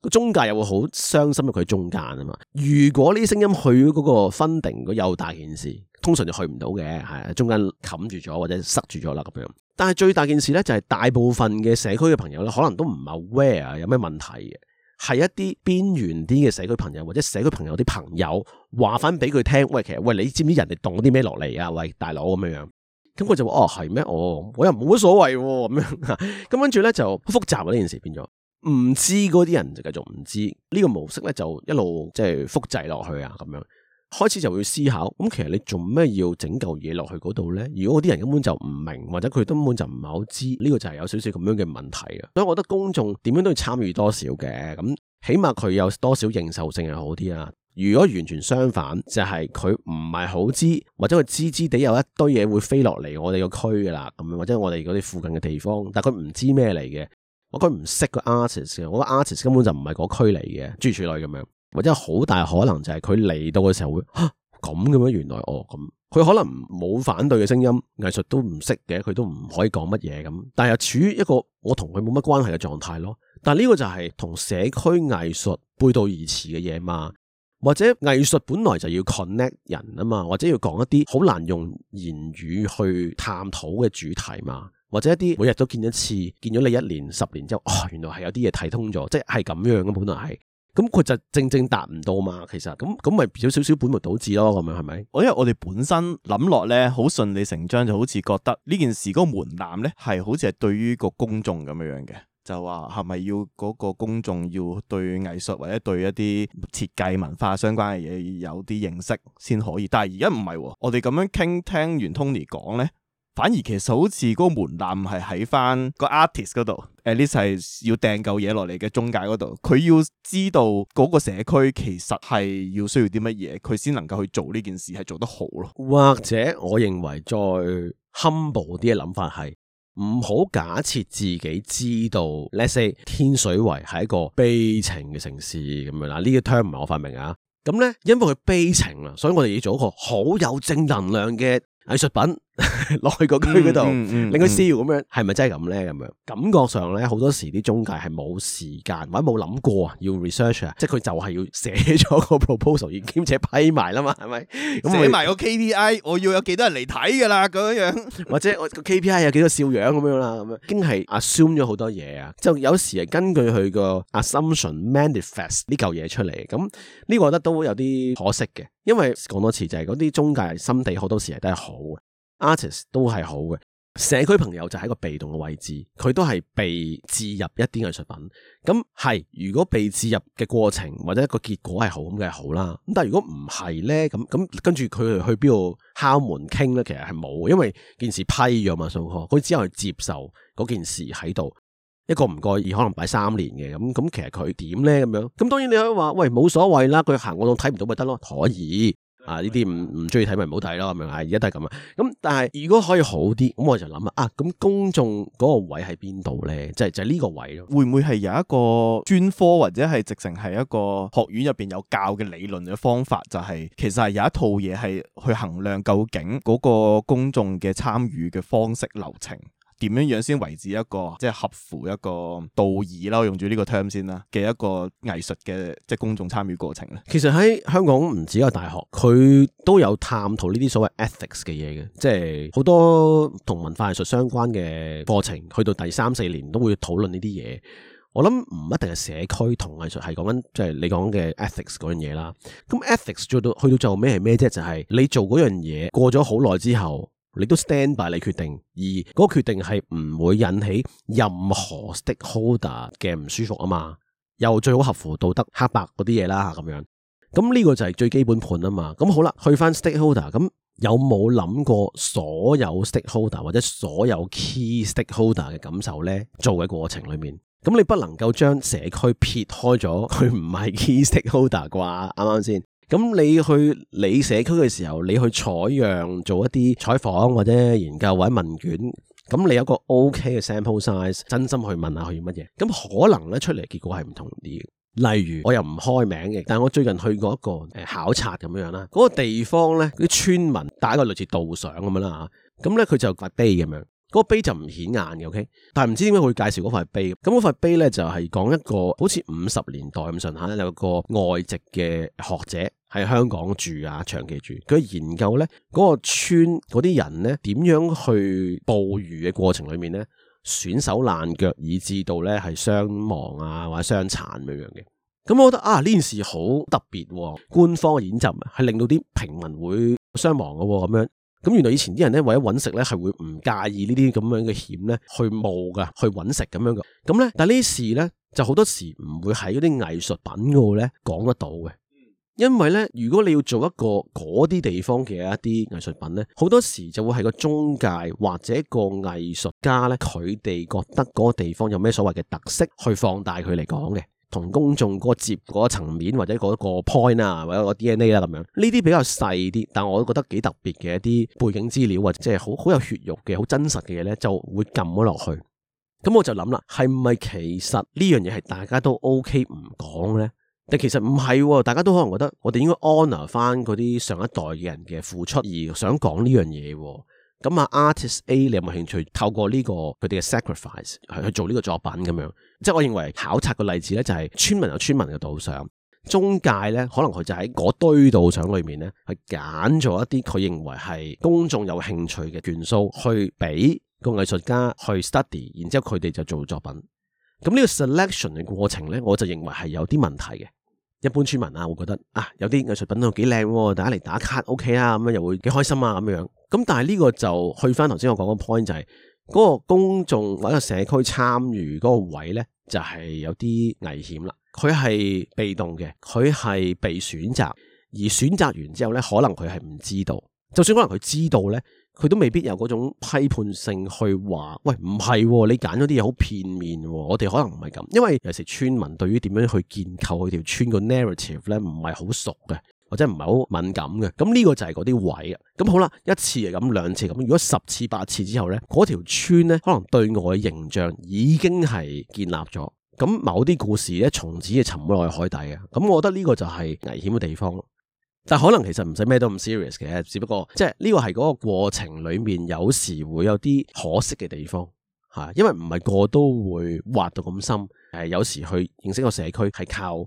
個中介又會好傷心喺佢中間啊嘛。如果呢啲聲音去嗰個 funding 個又大件事。通常就去唔到嘅，係啊，中間冚住咗或者塞住咗啦咁樣。但係最大件事咧，就係、是、大部分嘅社區嘅朋友咧，可能都唔係 aware 有咩問題嘅，係一啲邊緣啲嘅社區朋友或者社區朋友啲朋友話翻俾佢聽，喂，其實喂你知唔知人哋凍咗啲咩落嚟啊？喂大佬咁樣樣，咁佢就話哦係咩？哦，哦我又冇乜所謂咁、啊、樣。咁跟住咧就好複雜啊！呢件事變咗唔知嗰啲人就繼續唔知呢、呢個模式咧，就一路即係複製落去啊咁樣。開始就會思考，咁其實你做咩要整嚿嘢落去嗰度呢？如果啲人根本就唔明，或者佢根本就唔係好知，呢個就係有少少咁樣嘅問題嘅。所以我覺得公眾點樣都要參與多少嘅，咁起碼佢有多少認受性係好啲啊。如果完全相反，就係佢唔係好知，或者佢知知地有一堆嘢會飛落嚟我哋個區噶啦，咁或者我哋嗰啲附近嘅地方，但佢唔知咩嚟嘅，我佢唔識個 artist 嘅。我覺得 artist 根本就唔係嗰區嚟嘅，諸如此類咁樣。或者好大可能就係佢嚟到嘅時候會咁嘅咩？原來哦咁，佢可能冇反對嘅聲音，藝術都唔識嘅，佢都唔可以講乜嘢咁。但係又處於一個我同佢冇乜關係嘅狀態咯。但係呢個就係同社區藝術背道而馳嘅嘢嘛。或者藝術本來就要 connect 人啊嘛，或者要講一啲好難用言語去探討嘅主題嘛。或者一啲每日都見一次，見咗你一年、十年之後，哦，原來係有啲嘢睇通咗，即係咁樣嘅本來係。咁佢就正正達唔到嘛，其實咁咁咪有少少本末倒置咯，咁樣係咪？我因為我哋本身諗落咧，好順理成章就，就好似覺得呢件事嗰個門檻咧，係好似係對於個公眾咁樣樣嘅，就話係咪要嗰個公眾要對藝術或者對一啲設計文化相關嘅嘢有啲認識先可以？但係而家唔係，我哋咁樣傾，聽完 Tony 講咧。反而其實好似嗰個門檻係喺翻個 artist 嗰度，at l 要訂夠嘢落嚟嘅中介嗰度，佢要知道嗰個社區其實係要需要啲乜嘢，佢先能夠去做呢件事係做得好咯。或者我認為再 humble 啲嘅諗法係唔好假設自己知道，let's say 天水圍係一個悲情嘅城市咁樣啦。呢個 term 唔係我發明啊。咁呢，因為佢悲情啊，所以我哋要做一個好有正能量嘅藝術品。落去個區嗰度，令佢 s 咁樣，係咪真係咁咧？咁樣感覺上咧，好多時啲中介係冇時間，或者冇諗過要 research 啊，即係佢就係要寫咗個 proposal，然兼且批埋啦嘛，係咪？咁寫埋個 KPI，我要有幾多人嚟睇噶啦，咁樣， 或者我個 KPI 有幾多笑樣咁樣啦，咁樣，經係 assume 咗好多嘢啊，即係有時係根據佢個 assumption manifest 呢嚿嘢出嚟，咁呢個我覺得都有啲可惜嘅，因為講多次就係嗰啲中介心地好多時係都係好嘅。artist 都係好嘅，社區朋友就係一個被動嘅位置，佢都係被置入一啲藝術品。咁係如果被置入嘅過程或者一個結果係好咁，梗係好啦。咁但係如果唔係呢，咁咁跟住佢去去邊度敲門傾呢？其實係冇，因為件事批咗嘛，蘇浩佢只有係接受嗰件事喺度，一個唔覺意可能擺三年嘅咁咁，其實佢點呢？咁樣？咁當然你可以話喂，冇所謂啦，佢行我都睇唔到咪得咯，可以。啊！呢啲唔唔中意睇咪唔好睇咯，係咪？啊，而家都係咁啊。咁但係如果可以好啲，咁我就諗啊，啊咁公眾嗰、就是就是、個位喺邊度咧？即係就呢個位咯。會唔會係有一個專科或者係直情係一個學院入邊有教嘅理論嘅方法、就是？就係其實係有一套嘢係去衡量究竟嗰個公眾嘅參與嘅方式流程。點樣樣先維持一個即係合乎一個道義啦，用住呢個 term 先啦嘅一個藝術嘅即係公眾參與過程咧其實喺香港唔止一個大學，佢都有探討呢啲所謂 ethics 嘅嘢嘅，即係好多同文化藝術相關嘅課程，去到第三四年都會討論呢啲嘢。我諗唔一定係社區同藝術係講緊，即係你講嘅 ethics 嗰樣嘢啦。咁 ethics 做到去到最後係咩啫？就係你做嗰樣嘢過咗好耐之後。你都 stand by 你決定，而嗰個決定係唔會引起任何 stakeholder 嘅唔舒服啊嘛，又最好合乎道德黑白嗰啲嘢啦咁樣，咁呢個就係最基本盤啊嘛，咁好啦，去翻 stakeholder，咁有冇諗過所有 stakeholder 或者所有 key stakeholder 嘅感受咧？做嘅過程裏面，咁你不能夠將社區撇開咗，佢唔係 key stakeholder 啩？啱啱先？咁你去你社區嘅時候，你去採樣做一啲採訪或者研究或者問卷，咁你有個 O K 嘅 sample size，真心去問下佢要乜嘢，咁可能咧出嚟結果係唔同啲嘅。例如我又唔開名嘅，但係我最近去過一個誒考察咁樣啦，嗰個地方咧嗰啲村民打個類似導賞咁樣啦嚇，咁咧佢就塊碑咁樣，嗰個碑就唔顯眼嘅，O K。但係唔知點解會介紹嗰塊碑，咁嗰塊碑咧就係講一個好似五十年代咁上下咧有一個外籍嘅學者。喺香港住啊，長期住、啊。佢研究咧，嗰、那個村嗰啲人咧，點樣去捕魚嘅過程裏面咧，損手爛腳，以至到咧係傷亡啊，或者傷殘咁樣嘅。咁、嗯、我覺得啊，呢件事好特別、啊。官方嘅演習係令到啲平民會傷亡噶、啊，咁樣。咁、嗯、原來以前啲人咧，為咗揾食咧，係會唔介意呢啲咁樣嘅險咧，去冒噶，去揾食咁樣嘅。咁咧、嗯，但係呢事咧，就好多時唔會喺嗰啲藝術品度咧講得到嘅。因為咧，如果你要做一個嗰啲地方嘅一啲藝術品咧，好多時就會係個中介或者個藝術家咧，佢哋覺得嗰個地方有咩所謂嘅特色，去放大佢嚟講嘅，同公眾嗰個接嗰個層面或者嗰一個 point 啊，或者個 DNA 啦、啊、咁樣，呢啲比較細啲，但我都覺得幾特別嘅一啲背景資料或者即係好好有血肉嘅好真實嘅嘢咧，就會撳咗落去。咁、嗯、我就諗啦，係咪其實呢樣嘢係大家都 OK 唔講咧？但其實唔係，大家都可能覺得我哋應該 honor 翻嗰啲上一代嘅人嘅付出而，而想講呢樣嘢。咁啊，artist A，你有冇興趣透過呢、呢個佢哋嘅 sacrifice 去做呢個作品咁樣？即係我認為考察個例子咧，就係村民有村民嘅導賞，中介咧可能佢就喺嗰堆導賞裏面咧，去揀咗一啲佢認為係公眾有興趣嘅元素，去俾個藝術家去 study，然之後佢哋就做作品。咁呢個 selection 嘅過程咧，我就認為係有啲問題嘅。一般村民啊，我覺得啊，有啲藝術品都幾靚喎，大家嚟打卡 OK 啊，咁樣又會幾開心啊，咁樣樣。咁但係呢個就去翻頭先我講個 point 就係嗰個公眾或者社區參與嗰個位咧，就係有啲危險啦。佢係被動嘅，佢係被選擇，而選擇完之後咧，可能佢係唔知道。就算可能佢知道咧。佢都未必有嗰種批判性去話，喂，唔係喎，你揀咗啲嘢好片面喎，我哋可能唔係咁。因為有時村民對於點樣去建構佢條村個 narrative 咧，唔係好熟嘅，或者唔係好敏感嘅，咁呢個就係嗰啲位啊。咁好啦，一次係咁，兩次咁，如果十次八次之後咧，嗰條村咧可能對外嘅形象已經係建立咗，咁某啲故事咧從此就沉咗落去海底嘅。咁我覺得呢個就係危險嘅地方。但可能其實唔使咩都咁 serious 嘅，只不過即係呢個係嗰個過程裏面有時會有啲可惜嘅地方吓，因為唔係個個都會挖到咁深。誒，有時去認識個社區係靠，例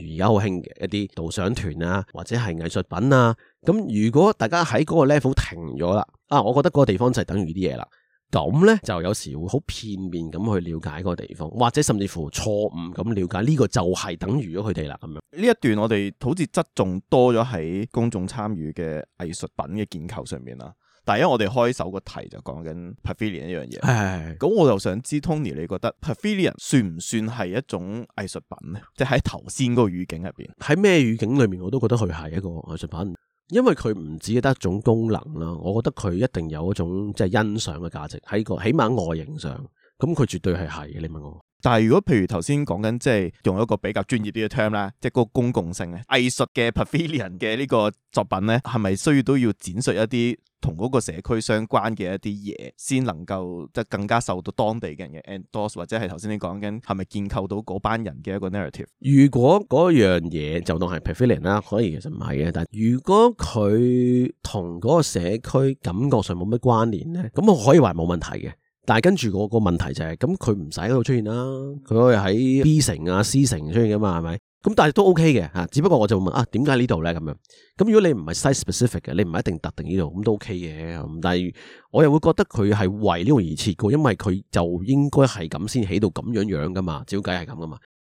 如而家好興嘅一啲導賞團啊，或者係藝術品啊。咁如果大家喺嗰個 level 停咗啦，啊，我覺得嗰個地方就係等於啲嘢啦。咁呢，就有時會好片面咁去了解個地方，或者甚至乎錯誤咁了解呢，這個就係等於咗佢哋啦咁樣。呢一段我哋好似側重多咗喺公眾參與嘅藝術品嘅建構上面啦。但係因為我哋開首個題就講緊 Pavilion 一樣嘢，咁唉我就想知 Tony，你覺得 Pavilion 算唔算係一種藝術品呢？即係喺頭先嗰個語境入邊，喺咩語境裏面我都覺得佢係一個藝術品。因為佢唔止得一種功能啦，我覺得佢一定有一種即係欣賞嘅價值，喺個起碼外形上，咁佢絕對係係嘅，你問我。但係如果譬如頭先講緊即係用一個比較專業啲嘅 term 啦，即係嗰個公共性咧，藝術嘅 pavilion 嘅呢個作品咧，係咪需要都要展述一啲同嗰個社區相關嘅一啲嘢，先能夠即係更加受到當地嘅人嘅 endorse，或者係頭先你講緊係咪建構到嗰班人嘅一個 narrative？如果嗰樣嘢就當係 pavilion 啦，可以其實唔係嘅。但係如果佢同嗰個社區感覺上冇乜關聯咧，咁我可以話冇問題嘅。但係跟住我個問題就係、是，咁佢唔使喺度出現啦，佢可以喺 B 城啊、C 城出現噶嘛，係咪？咁但係都 OK 嘅嚇，只不過我就問啊，點解呢度咧咁樣？咁如果你唔係 size specific 嘅，你唔係一定特定呢度，咁都 OK 嘅。咁但係我又會覺得佢係為呢度而設嘅，因為佢就應該係咁先起到咁樣樣噶嘛，照計係咁噶嘛。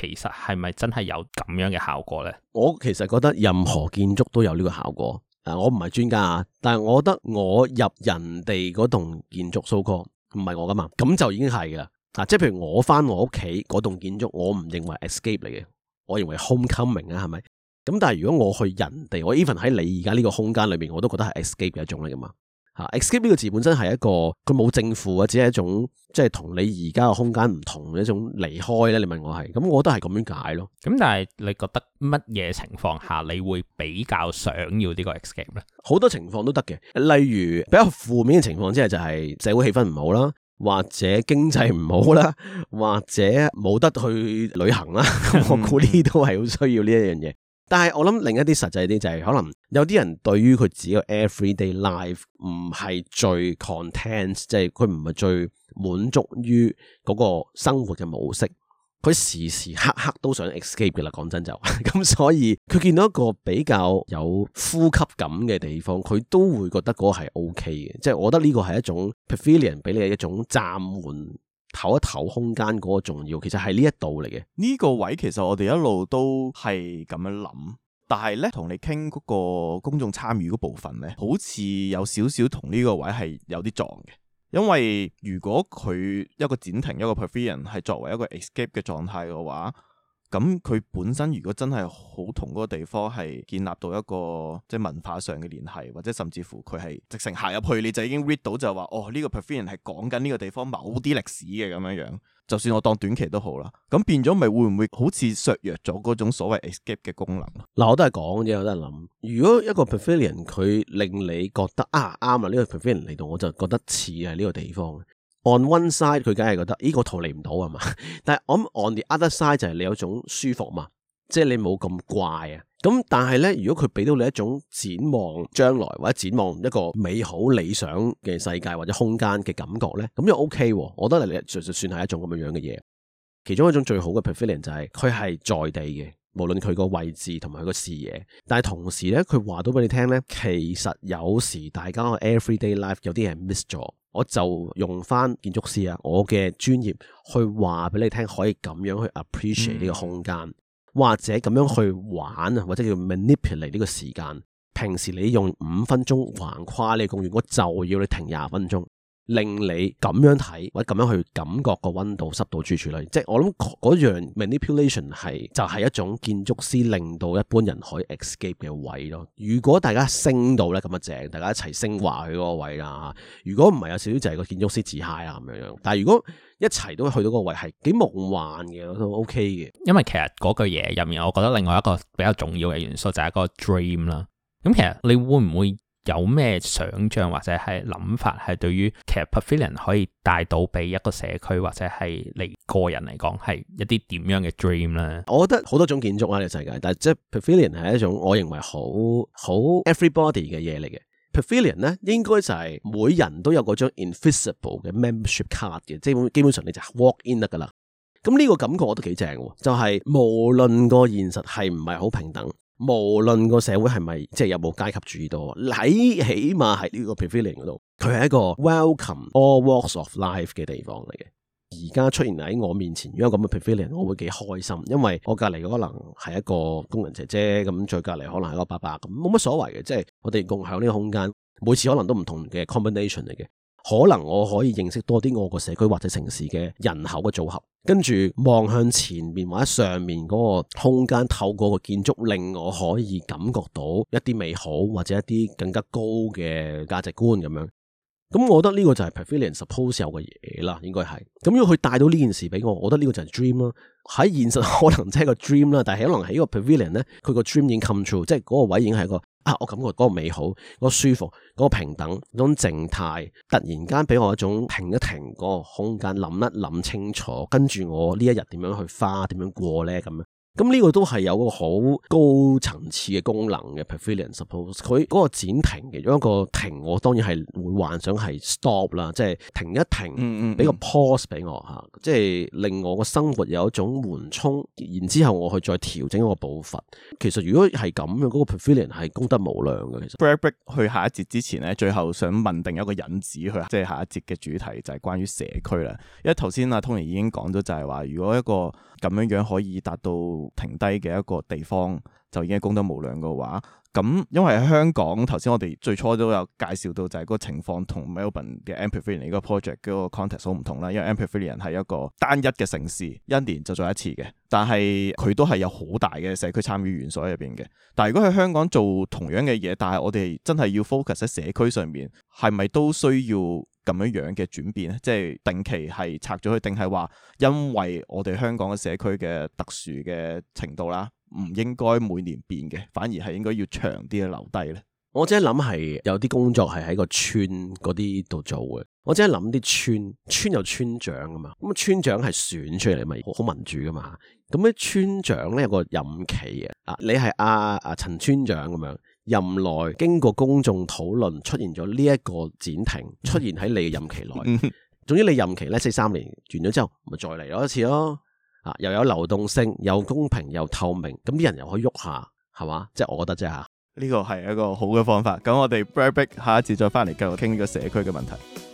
其實係咪真係有咁樣嘅效果咧？我其實覺得任何建築都有呢個效果。嗱、啊，我唔係專家啊，但係我覺得我入人哋嗰棟建築，so called，唔係我噶嘛，咁就已經係噶。嗱、啊，即係譬如我返我屋企嗰棟建築，我唔認為 escape 嚟嘅，我認為 homecoming 啊，係咪？咁但係如果我去人哋，我 even 喺你而家呢個空間裏邊，我都覺得係 escape 嘅一種嚟噶嘛。吓，escape 呢個字本身係一個，佢冇正負，或者係一種，即係同你而家嘅空間唔同嘅一種離開咧。你問我係，咁我都係咁樣解咯。咁但係你覺得乜嘢情況下你會比較想要呢個 escape 咧？好多情況都得嘅，例如比較負面嘅情況之下，就係社會氣氛唔好啦，或者經濟唔好啦，或者冇得去旅行啦。 我估呢都係好需要呢一樣嘢。 但係我諗另一啲實際啲就係可能有啲人對於佢自己嘅 everyday life 唔係最 content，即係佢唔係最滿足於嗰個生活嘅模式，佢時時刻刻都想 escape 嘅啦。講真就咁、 嗯，所以佢見到一個比較有呼吸感嘅地方，佢都會覺得嗰個係 OK 嘅。即係我覺得呢個係一種 pavilion 俾你嘅一種暫緩。唞一唞空間嗰個重要，其實係呢一度嚟嘅。呢個位其實我哋一路都係咁樣諗，但係呢同你傾嗰個公眾參與嗰部分呢，好似有少少同呢個位係有啲撞嘅。因為如果佢一個展亭一個 performer 係作為一個 escape 嘅狀態嘅話，咁佢、嗯、本身如果真係好同嗰個地方係建立到一個即係文化上嘅聯繫，或者甚至乎佢係直情行入去，你就已經 read 到就話哦呢、呢個 Pavilion 係講緊呢個地方某啲歷史嘅咁樣樣。就算我當短期都好啦，咁變咗咪會唔會好似削弱咗嗰種所謂 escape 嘅功能？嗱、啊，我都係講啫，我都係諗。如果一個 Pavilion 佢令你覺得啊啱啊，呢、啊啊啊呢個 Pavilion 嚟到我就覺得似係呢個地方。On one side 佢梗係覺得呢個逃離唔到啊嘛， 但係我諗 on the other side 就係你有種舒服嘛，即係你冇咁怪啊。咁但係呢，如果佢俾到你一種展望將來或者展望一個美好理想嘅世界或者空間嘅感覺呢，咁又 OK，我覺得你就就算係一種咁嘅樣嘅嘢。其中一種最好嘅 pavilion 就係佢係在地嘅，無論佢個位置同埋佢個視野，但係同時呢，佢話到俾你聽呢，其實有時大家 everyday life 有啲嘢 miss 咗。我就用翻建築師啊，我嘅專業去話俾你聽，可以咁樣去 appreciate 呢個空間，或者咁樣去玩或者叫 manipulate 呢個時間。平時你用五分鐘橫跨呢個公園，我就要你停廿分鐘。令你咁樣睇或者咁樣去感覺個溫度濕度諸諸類，即係我諗嗰樣 manipulation 係就係一種建築師令到一般人可以 escape 嘅位咯。如果大家升到咧咁啊正，大家一齊升華佢嗰個位啦嚇。如果唔係有少少就係個建築師自嗨啦咁樣樣。但係如果一齊都去到嗰個位係幾夢幻嘅，都 OK 嘅。因為其實嗰句嘢入面，我覺得另外一個比較重要嘅元素就係個 dream 啦。咁其實你會唔會？有咩想象或者係諗法，係對於其實 pavilion 可以帶到俾一個社區或者係你個人嚟講，係一啲點樣嘅 dream 咧？我覺得好多種建築喺呢個世界，但係即係 pavilion 係一種我認為好好 everybody 嘅嘢嚟嘅。pavilion 咧，應該就係每人都有嗰張 invisible 嘅 membership card 嘅，即係基本上你就 walk in 得噶啦。咁呢個感覺我都得幾正，就係、是、無論個現實係唔係好平等。無論個社會係咪即係有冇階級主義多喺，起碼喺呢個 p e r i l i n 嗰度，佢係一個 welcome all walks of life 嘅地方嚟嘅。而家出現喺我面前，如果咁嘅 p e r i l i n 我會幾開心，因為我隔離可能係一個工人姐姐，咁再隔離可能係個爸爸，咁冇乜所謂嘅，即係我哋共享呢個空間，每次可能都唔同嘅 combination 嚟嘅。可能我可以認識多啲我個社區或者城市嘅人口嘅組合，跟住望向前面或者上面嗰個空間，透過個建築令我可以感覺到一啲美好或者一啲更加高嘅價值觀咁樣。咁，我覺得呢個就係 Pavilion suppose 有嘅嘢啦，應該係。咁如果佢帶到呢件事俾我，我覺得呢個就係 dream 啦。喺現實可能即係個 dream 啦，但係可能喺個 Pavilion 咧，佢個 dream 已經 come true，即係嗰個位已經係一個啊，我感覺嗰個美好、嗰個舒服、嗰個平等、嗰種靜態，突然間俾我一種停一停個空間，諗一諗清楚，跟住我呢一日點樣去花、點樣過咧咁啊！咁呢個都係有個好高層次嘅功能嘅 pavilion suppose，佢嗰個展停其中一個停我當然係會幻想係 stop 啦，即係停一停，俾、嗯嗯、個 pause 俾我吓，即係令我個生活有一種緩衝，然之後我去再調整一個步伐。其實如果係咁樣，嗰、那個 pavilion 係功德無量嘅。其實 break 去下一節之前咧，最後想問定一個引子去，即係下一節嘅主題就係、是、關於社區啦。因為頭先阿 Tony 已經講咗，就係話如果一個。咁樣樣可以達到停低嘅一個地方，就已經功德無量嘅話，咁因為香港頭先我哋最初都有介紹到，就係嗰個情況同 Melbourne 嘅 MPavilion 呢個 project 嗰個 context 好唔同啦。因為 MPavilion 係一個單一嘅城市，一年就做一次嘅，但係佢都係有好大嘅社區參與元素喺入邊嘅。但係如果喺香港做同樣嘅嘢，但係我哋真係要 focus 喺社區上面，係咪都需要？咁樣樣嘅轉變咧，即係定期係拆咗佢，定係話因為我哋香港嘅社區嘅特殊嘅程度啦，唔應該每年變嘅，反而係應該要長啲留低咧。我只係諗係有啲工作係喺個村嗰啲度做嘅，我只係諗啲村，村有村長噶嘛，咁啊村長係選出嚟咪好民主噶嘛，咁咧村長咧有個任期嘅，你啊你係阿阿陳村長咁樣。任內經過公眾討論出現咗呢一個展亭，出現喺你嘅任期內。 總之你任期咧四三年完咗之後，咪再嚟咗一次咯。啊，又有流動性，又公平又透明，咁啲人又可以喐下，係嘛？即係我覺得啫吓。呢個係一個好嘅方法。咁我哋 break，a break, 下一次再翻嚟繼續傾呢個社區嘅問題。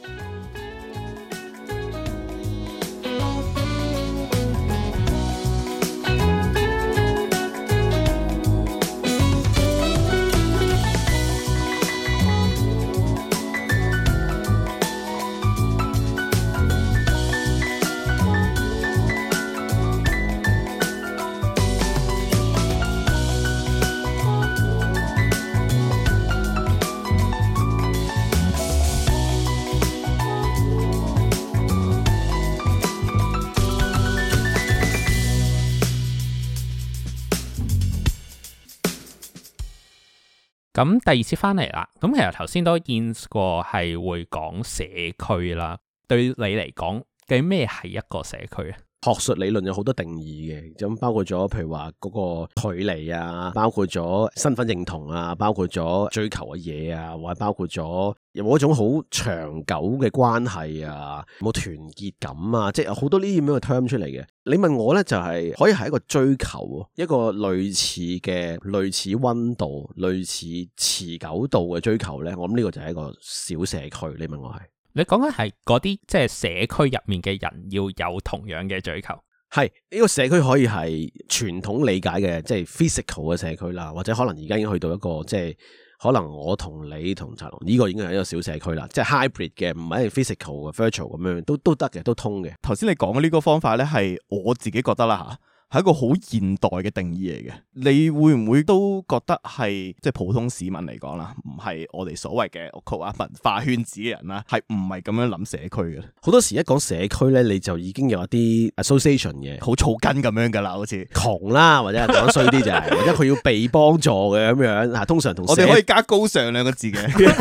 咁第二次翻嚟啦，咁其實頭先都見過係會講社區啦，對你嚟講，究竟咩係一個社區？學術理論有好多定義嘅，咁包括咗譬如話嗰個距離啊，包括咗身份認同啊，包括咗追求嘅嘢啊，或者包括咗有冇一種好長久嘅關係啊，有冇團結感啊，即係好多呢啲咁嘅 term 出嚟嘅。你問我咧就係、是、可以係一個追求，啊，一個類似嘅類似溫度、類似持久度嘅追求咧。我諗呢個就係一個小社區。你問我係。你講緊係嗰啲即係社區入面嘅人要有同樣嘅追求，係呢個社區可以係傳統理解嘅即係 physical 嘅社區啦，或者可能而家已經去到一個即係可能我同你同陳龍呢個已經係一個小社區啦，即係 hybrid 嘅唔係 physical 嘅 virtual 咁樣都都得嘅都通嘅。頭先你講嘅呢個方法咧係我自己覺得啦嚇。係一個好現代嘅定義嚟嘅。你會唔會都覺得係即係普通市民嚟講啦，唔係我哋所謂嘅文化圈子嘅人啦，係唔係咁樣諗社區嘅？好多時一講社區咧，你就已經有一啲 association 嘅，好草根咁樣噶啦，好似窮啦或者講衰啲就係，或者佢、就是、 要被幫助嘅咁樣吓，通常同 我哋可以加高尚兩個字嘅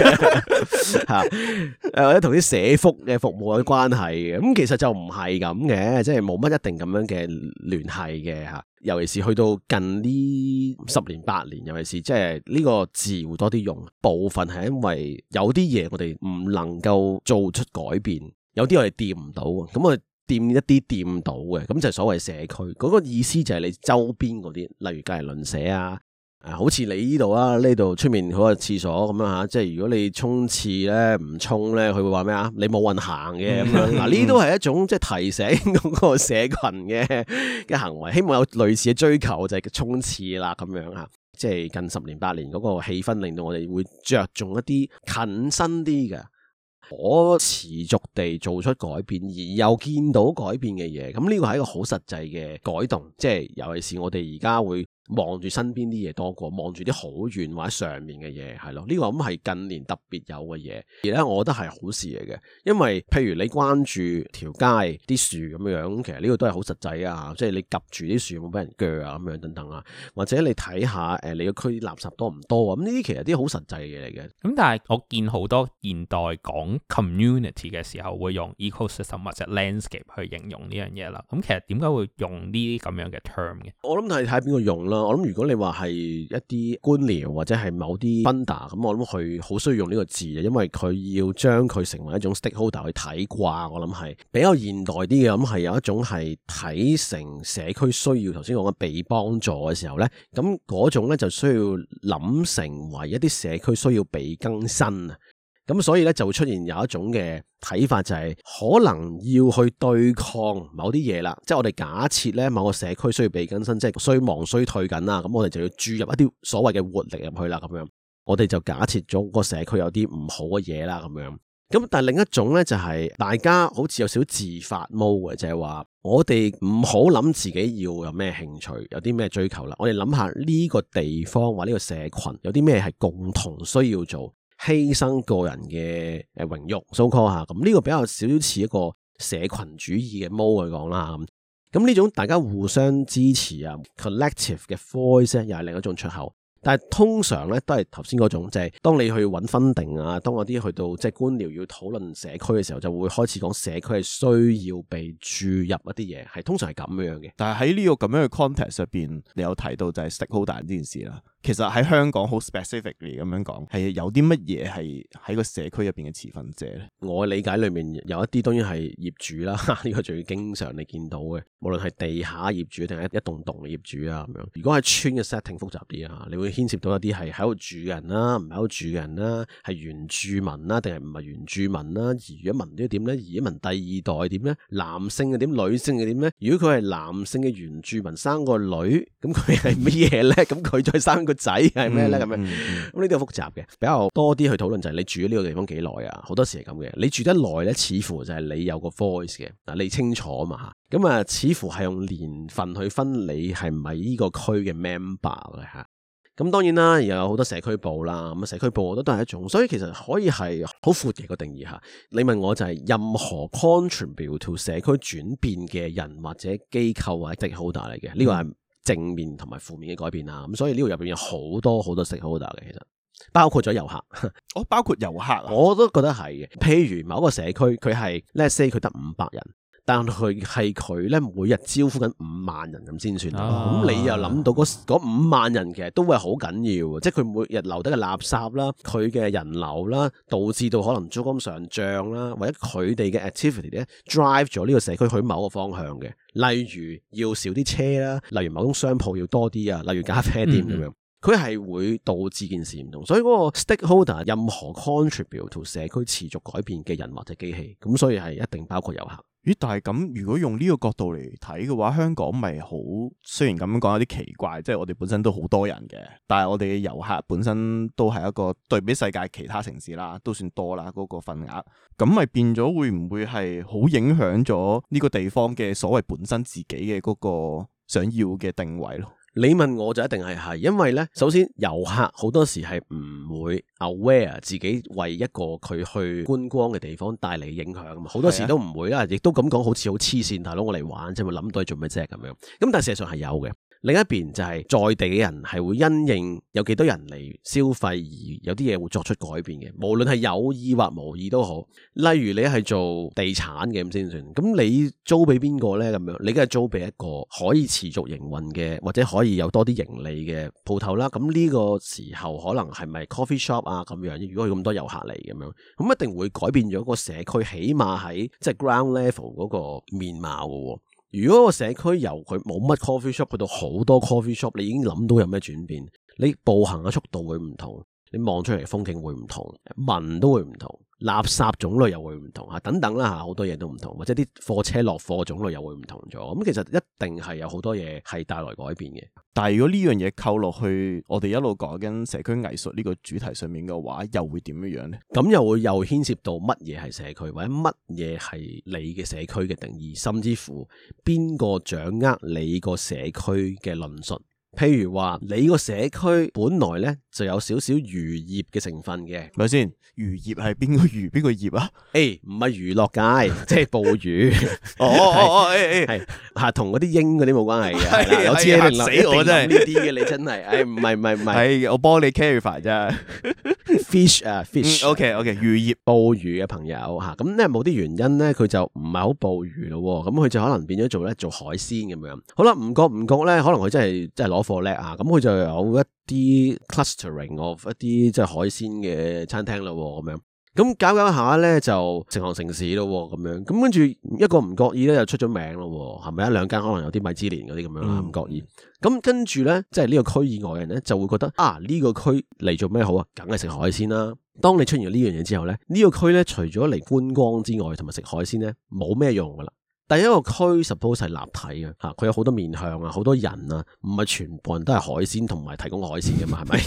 吓，誒或者同啲社福嘅服務有關係嘅，咁其實就唔係咁嘅，即係冇乜一定咁樣嘅聯繫。嘅吓，尤其是去到近呢十年八年，尤其是即係呢個字會多啲用。部分係因為有啲嘢我哋唔能夠做出改變，有啲我哋掂唔到，啊，咁我哋掂一啲掂到嘅，咁就係所謂社區嗰個意思，就係你周邊嗰啲，例如隔籬鄰舍啊。啊，好似你呢度啊，呢度出面嗰個廁所咁樣吓，即係如果你沖廁咧唔沖咧，佢會話咩啊？你冇運行嘅咁樣，嗱呢都係一種即係提醒嗰個社群嘅嘅行為，希望有類似嘅追求就係沖廁啦咁樣吓，即係近十年八年嗰個氣氛，令到我哋會着重一啲近身啲嘅，可持續地做出改變，而又見到改變嘅嘢，咁呢個係一個好實際嘅改動，即係尤其是我哋而家會。望住身邊啲嘢，多過望住啲好遠或者上面嘅嘢，係咯，呢個咁係近年特別有嘅嘢，而咧我覺得係好事嚟嘅，因為譬如你關注條街啲樹咁樣，其實呢個都係好實際啊。即係你及住啲樹有冇俾人鋸啊，咁樣等等啊，或者你睇下誒，你個區的垃圾多唔多啊，咁呢啲其實啲好實際嘅嘢嚟嘅。咁但係我見好多現代講 community 嘅時候，會用 ecosystem 或者 landscape 去形容呢樣嘢啦。咁其實點解會用呢啲咁樣嘅 term 嘅？我諗睇睇邊個用咯。我諗、呃、如果你話係一啲官僚或者係某啲 Binder 咁，我諗佢好需要用呢個字嘅，因為佢要將佢成為一種 stakeholder 去睇啩。我諗係比較現代啲嘅，咁係有一種係睇成社區需要，頭先講嘅被幫助嘅時候咧，咁嗰種咧就需要諗成為一啲社區需要被更新。咁所以咧，就會出現有一種嘅睇法，就係可能要去對抗某啲嘢啦。即係我哋假設咧，某個社區需要被更新，即係衰亡衰退緊啦。咁我哋就要注入一啲所謂嘅活力入去啦。咁樣，我哋就假設咗個社區有啲唔好嘅嘢啦。咁樣，咁但係另一種咧，就係大家好似有少少自發踎嘅，就係話我哋唔好諗自己要有咩興趣，有啲咩追求啦。我哋諗下呢個地方或呢個社群有啲咩係共同需要做。犧牲個人嘅誒榮譽，so called 下，咁呢個比較少少似一個社群主義嘅 model 嚟講啦，咁呢種大家互相支持啊，collective 嘅 voice 又係另一種出口，但係通常呢，都係頭先嗰種，就係、是、當你去揾分定啊，當有啲去到即係、就是、官僚要討論社區嘅時候，就會開始講社區係需要被注入一啲嘢，係通常係咁樣嘅。但係喺呢個咁樣嘅 context 入邊，你有提到就係 stakeholder 呢件事啦。其實喺香港好 specifically 咁樣講，係有啲乜嘢係喺個社區入邊嘅持份者咧？我理解裏面有一啲當然係業主啦，呢 個仲要經常你見到嘅，無論係地下業主定係一棟棟嘅業主啊咁樣。如果係村嘅 setting 複雜啲啊，你會牽涉到一啲係喺度住嘅人啦、啊，唔喺度住嘅人啦、啊，係原住民啦定係唔係原住民啦、啊？而家問啲點咧？而家問第二代點咧？男性嘅點？女性嘅點咧？如果佢係男性嘅原住民生個女，咁佢係乜嘢咧？咁 佢 再生個仔係咩咧？咁樣咁呢度、嗯嗯、複雜嘅，比較多啲去討論就係你住喺呢個地方幾耐啊？好多時係咁嘅，你住得耐咧、嗯，似乎就係你有個 voice 嘅，嗱你清楚啊嘛吓，咁啊似乎係用年份去分你係唔係呢個區嘅 member 嘅吓。咁、嗯、當然啦，又有好多社區部啦，咁啊社區部我覺得都係一種，所以其實可以係好闊嘅個定義吓。你問我就係任何 contribute to 社區轉變嘅人或者機構或者 stakeholder 嚟嘅呢個係。嗯正面同埋負面嘅改變啊，咁所以呢度入邊有好多好多 stakeholder 嘅，其實包括咗遊客，我、 哦、包括遊客，啊， 我都覺得係嘅。譬如某一個社區，佢係 let's say 佢得五百人。但係係佢咧，每日招呼緊五萬人咁先算。咁、oh, 你又諗到嗰五萬人其實都會好緊要，即係佢每日留低嘅垃圾啦，佢嘅人流啦，導致到可能租金上漲啦，或者佢哋嘅 activity 咧 drive 咗呢個社區去某個方向嘅。例如要少啲車啦，例如某種商鋪要多啲啊，例如咖啡店咁樣，佢係、mm hmm. 會導致件事唔同。所以嗰個 stakeholder 任何 contribute to 社區持續改變嘅人或者機器，咁所以係一定包括遊客。咦，但係咁，如果用呢個角度嚟睇嘅話，香港咪好？雖然咁樣講有啲奇怪，即係我哋本身都好多人嘅，但係我哋嘅遊客本身都係一個對比世界其他城市啦，都算多啦嗰個份額，咁咪變咗會唔會係好影響咗呢個地方嘅所謂本身自己嘅嗰個想要嘅定位咯？你問我就一定係係，因為咧，首先遊客好多時係唔會 aware 自己為一個佢去觀光嘅地方帶嚟影響啊嘛，好多時都唔會啦，亦都咁講好似好黐線，大佬我嚟玩啫，咪諗到係做咩啫咁樣，咁但係事實上係有嘅。另一邊就係在地嘅人係會因應有幾多人嚟消費而有啲嘢會作出改變嘅，無論係有意或無意都好。例如你係做地產嘅咁先算，咁你租俾邊個呢？咁樣你梗係租俾一個可以持續營運嘅，或者可以有多啲盈利嘅鋪頭啦。咁呢個時候可能係咪 coffee shop 啊咁樣？如果咁多遊客嚟咁樣，咁一定會改變咗個社區，起碼喺即係 ground level 嗰個面貌嘅喎。如果個社區由佢冇乜 coffee shop 去到好多 coffee shop，你已經諗到有咩轉變？你步行嘅速度會唔同？你望出嚟風景會唔同？聞都會唔同？垃圾種類又會唔同吓，等等啦吓，好多嘢都唔同，或者啲貨車落貨種類又會唔同咗。咁其實一定係有好多嘢係帶來改變嘅。但係如果呢樣嘢扣落去，我哋一路講緊社區藝術呢個主題上面嘅話，又會點樣樣呢？咁又會又牽涉到乜嘢係社區，或者乜嘢係你嘅社區嘅定義，甚至乎邊個掌握你個社區嘅論述？譬如話你個社區本來咧就有少少漁業嘅成分嘅，係咪先？漁業係邊個魚邊個業啊？誒、哎，唔係娛樂界，即係 捕魚。 哦哦，哦哎哎， 係吓，同嗰啲鷹嗰啲冇關係嘅。嚇死我真係呢啲嘅，你真係。誒，唔係唔係唔係，我幫你 carry 翻啫。 fish 啊、uh, fish，OK、嗯、OK，漁業、捕魚嘅朋友吓，咁咧冇啲原因咧，佢就唔係好捕魚咯，咁、啊、佢、嗯、就可能變咗做咧做海鮮咁樣。好啦，唔覺唔覺咧，可能佢真係真係攞貨叻啊，咁、嗯、佢就有一啲 clustering of 一啲即係海鮮嘅餐廳咯咁樣。啊嗯咁搞搞下咧，就成行成市咯，咁樣。咁跟住一個唔覺意咧，又出咗名咯，係咪？一兩間可能有啲米芝蓮嗰啲咁樣啦，唔覺意。咁跟住咧，即係呢個區以外嘅人咧，就會覺得啊，呢個區嚟做咩好啊？梗係食海鮮啦。當你出現呢樣嘢之後咧，呢個區咧除咗嚟觀光之外，同埋食海鮮咧，冇咩用噶啦。第一個區 suppose 係立體嘅吓，佢有好多面向啊，好多人啊，唔係全部人都係海鮮同埋提供海鮮噶嘛，係咪？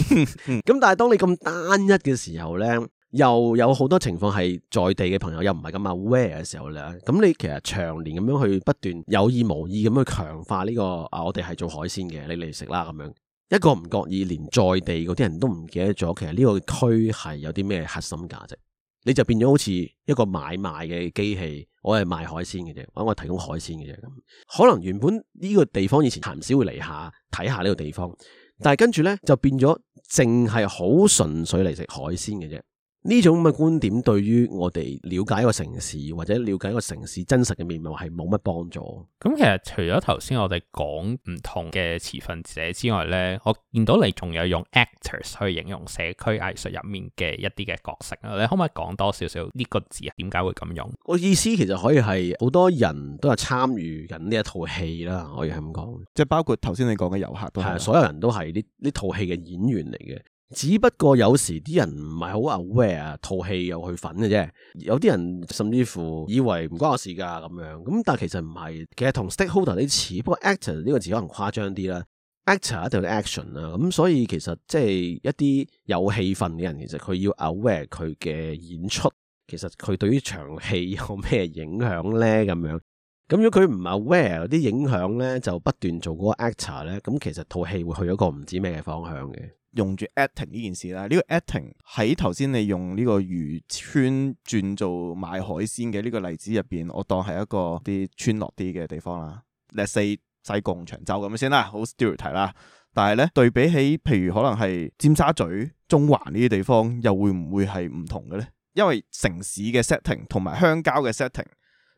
咁但係當你咁單一嘅時候咧。又有好多情況係在地嘅朋友又唔係咁 aware 嘅時候咧，咁你其實長年咁樣去不斷有意無意咁去強化呢個啊，我哋係做海鮮嘅，你嚟食啦咁樣，一個唔覺意連在地嗰啲人都唔記得咗，其實呢個區係有啲咩核心價值，你就變咗好似一個買賣嘅機器，我係賣海鮮嘅啫，或者我提供海鮮嘅啫，咁可能原本呢個地方以前咸少會嚟下睇下呢個地方，但係跟住咧就變咗淨係好純粹嚟食海鮮嘅啫。呢種咁嘅觀點對於我哋了解一個城市或者了解一個城市真實嘅面貌係冇乜幫助。咁其實除咗頭先我哋講唔同嘅持份者之外呢，我見到你仲有用 actors 去形容社區藝術入面嘅一啲嘅角色啊，你可唔可以講多少少呢個字啊？點解會咁用？我意思其實可以係好多人都係參與緊呢一套戲啦。可以係咁講，即係包括頭先你講嘅遊客都係，所有人都係呢呢套戲嘅演員嚟嘅。只不過有時啲人唔係好 aware 套戲又去粉嘅啫。有啲人甚至乎以為唔關我事噶咁樣。咁但係其實唔係，其實同 stakeholder 啲似，不過 actor 呢個字可能誇張啲啦。actor 一定有 action 啦。咁所以其實即係一啲有戲份嘅人，其實佢要 aware 佢嘅演出，其實佢對於場戲有咩影響咧咁樣。咁如果佢唔 aware 啲影響咧，就不斷做嗰個 actor 咧，咁其實套戲會去咗個唔知咩嘅方向嘅。用住 acting 呢件事啦，呢、呢個 acting 喺頭先你用呢個漁村轉做賣海鮮嘅呢個例子入邊，我當係一個啲村落啲嘅地方啦。Let’s say 西貢、長洲咁先啦，好 stereotype 啦。但係咧，對比起譬如可能係尖沙咀、中環呢啲地方，又會唔會係唔同嘅咧？因為城市嘅 setting 同埋鄉郊嘅 setting。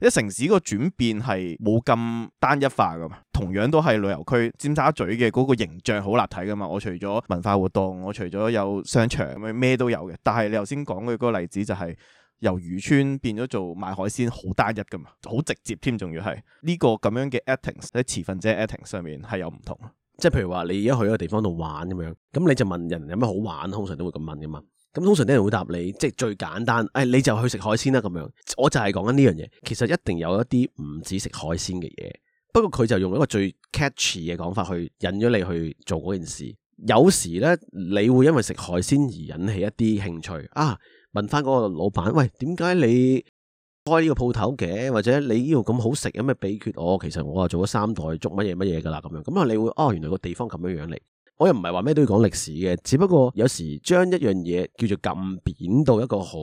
即係城市嗰個轉變係冇咁單一化噶嘛，同樣都係旅遊區，尖沙咀嘅嗰個形象好立體噶嘛。我除咗文化活動，我除咗有商場，咩都有嘅。但係你頭先講嘅嗰個例子就係、是、由漁村變咗做賣海鮮，好單一噶嘛，好直接添，仲要係呢個咁樣嘅 acting 喺持份者 acting 上面係有唔同。即係譬如話，你而家去一個地方度玩咁樣，咁你就問人有咩好玩，通常都會咁問噶嘛。咁通常啲人會答你，即係最簡單，誒、哎，你就去食海鮮啦咁樣。我就係講緊呢樣嘢，其實一定有一啲唔止食海鮮嘅嘢。不過佢就用一個最 catchy 嘅講法去引咗你去做嗰件事。有時呢，你會因為食海鮮而引起一啲興趣啊。問翻嗰個老闆，喂，點解你開呢個鋪頭嘅？或者你呢度咁好食有咩秘訣？我其實我啊做咗三代捉乜嘢乜嘢噶啦，咁樣咁啊你會，哦，原來個地方咁樣樣嚟。我又唔係話咩都要講歷史嘅，只不過有時將一樣嘢叫做撳扁到一個好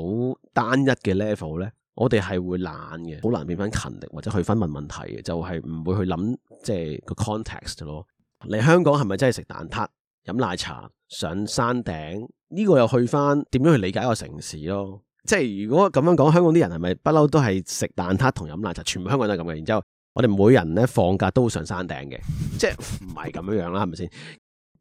單一嘅 level 呢，我哋係會懶嘅，好難變翻勤力或者去分問問題嘅，就係唔會去諗即係個 context 咯。嚟香港係咪真係食蛋撻、飲奶茶、上山頂？呢個又去翻點樣去理解一個城市咯？即係如果咁樣講，香港啲人係咪不嬲都係食蛋撻同飲奶茶，全部香港人都係咁嘅？然之後我哋每人呢放假都上山頂嘅，即係唔係咁樣樣啦？係咪先？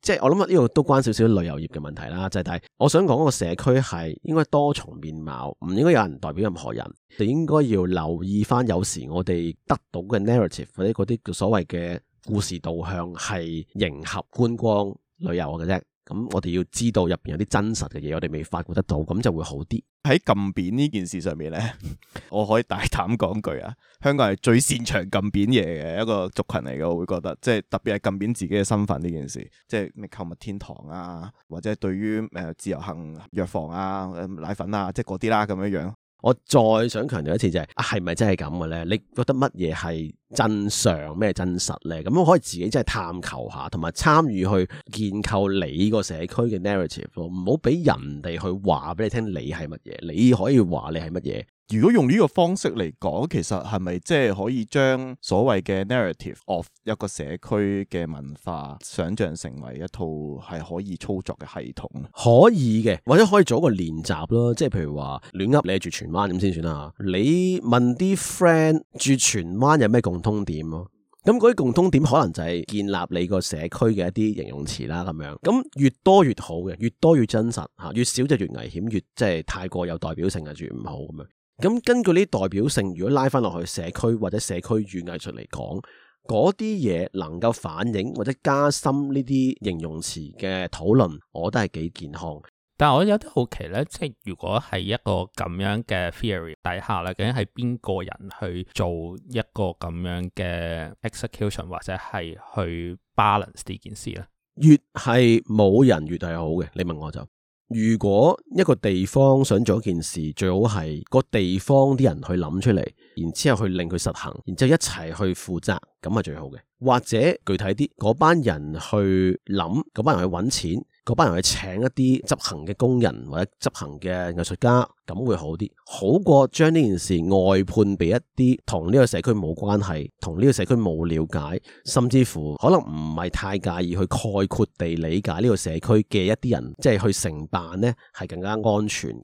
即係我諗呢個都關少少旅遊業嘅問題啦。就係我想講個社區係應該多重面貌，唔應該有人代表任何人。你應該要留意返，有時我哋得到嘅 narrative 或者嗰啲所謂嘅故事導向係迎合觀光旅遊嘅啫。咁我哋要知道入邊有啲真實嘅嘢，我哋未發覺得到，咁就會好啲。喺禁扁呢件事上面咧， 我可以大膽講句啊，香港係最擅長禁扁嘢嘅一個族群嚟嘅，我會覺得即係特別係禁扁自己嘅身份呢件事，即係咩購物天堂啊，或者係對於誒自由行藥房啊、奶粉啊，即係嗰啲啦，咁樣樣。我再想強調一次就係、係，啊，係咪真係咁嘅咧？你覺得乜嘢係真相咩真實咧？咁我可以自己真係探求下，同埋參與去建構你個社區嘅 narrative，唔好俾人哋去話俾你聽你係乜嘢，你可以話你係乜嘢。如果用呢個方式嚟講，其實係咪即係可以將所謂嘅 narrative of 一個社區嘅文化，想像成為一套係可以操作嘅系統？可以嘅，或者可以做一個練習咯。即係譬如話亂噏你住荃灣咁先算啦。你問啲 friend 住荃灣有咩共通點咯？咁嗰啲共通點可能就係建立你個社區嘅一啲形容詞啦。咁樣咁越多越好嘅，越多越真實吓，越少就越危險，越即係、就是、太過有代表性啊，越唔好咁樣。咁根據呢啲代表性，如果拉翻落去社區或者社區與藝術嚟講，嗰啲嘢能夠反映或者加深呢啲形容詞嘅討論，我覺得係幾健康。但係我有啲好奇呢，即係如果係一個咁樣嘅 theory 底下咧，究竟係邊個人去做一個咁樣嘅 execution，或者係去 balance 呢件事咧？越係冇人，越係好嘅。你問我就。如果一個地方想做一件事，最好係個地方啲人去諗出嚟，然之後去令佢實行，然之後一齊去負責，咁係最好嘅。或者具體啲，嗰班人去諗，嗰班人去揾錢。嗰班人去請一啲執行嘅工人或者執行嘅藝術家，咁會好啲，好過將呢件事外判俾一啲同呢個社區冇關係、同呢個社區冇了解，甚至乎可能唔係太介意去概括地理解呢個社區嘅一啲人，即係去承辦咧，係更加安全嘅。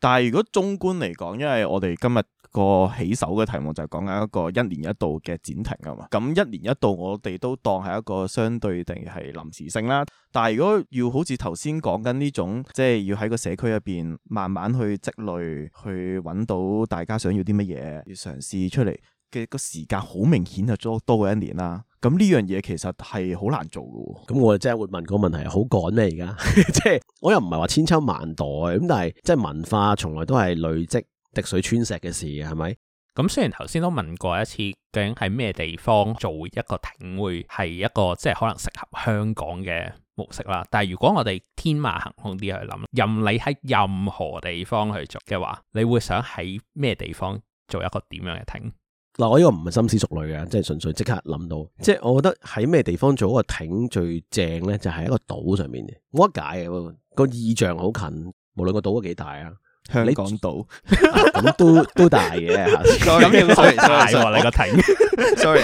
但係如果中觀嚟講，因為我哋今日個起手嘅題目就係講緊一個一年一度嘅展亭啊嘛，咁一年一度我哋都當係一個相對定係臨時性啦。但係如果要好似頭先講緊呢種，即係要喺個社區入邊慢慢去積累，去揾到大家想要啲乜嘢，要嘗試出嚟。嘅個時間好明顯就多多過一年啦。咁呢樣嘢其實係好難做嘅。咁我真係會問個問題，好趕咧，而家即係我又唔係話千秋萬代咁，但係即係文化從來都係累積滴水穿石嘅事嘅，係咪？咁雖然頭先都問過一次，究竟喺咩地方做一個亭會係一個即係、就是、可能適合香港嘅模式啦。但係如果我哋天馬行空啲去諗，任你喺任何地方去做嘅話，你會想喺咩地方做一個點樣嘅亭？嗱，我呢個唔係深思熟慮嘅，即係純粹即刻諗到，嗯、即係我覺得喺咩地方做一個亭最正咧，就係、是、一個島上面嘅。冇解嘅個意象好近，無論個島幾大啊，香港島咁都 都，都大嘅。咁要 s o r r sorry 你 個亭，sorry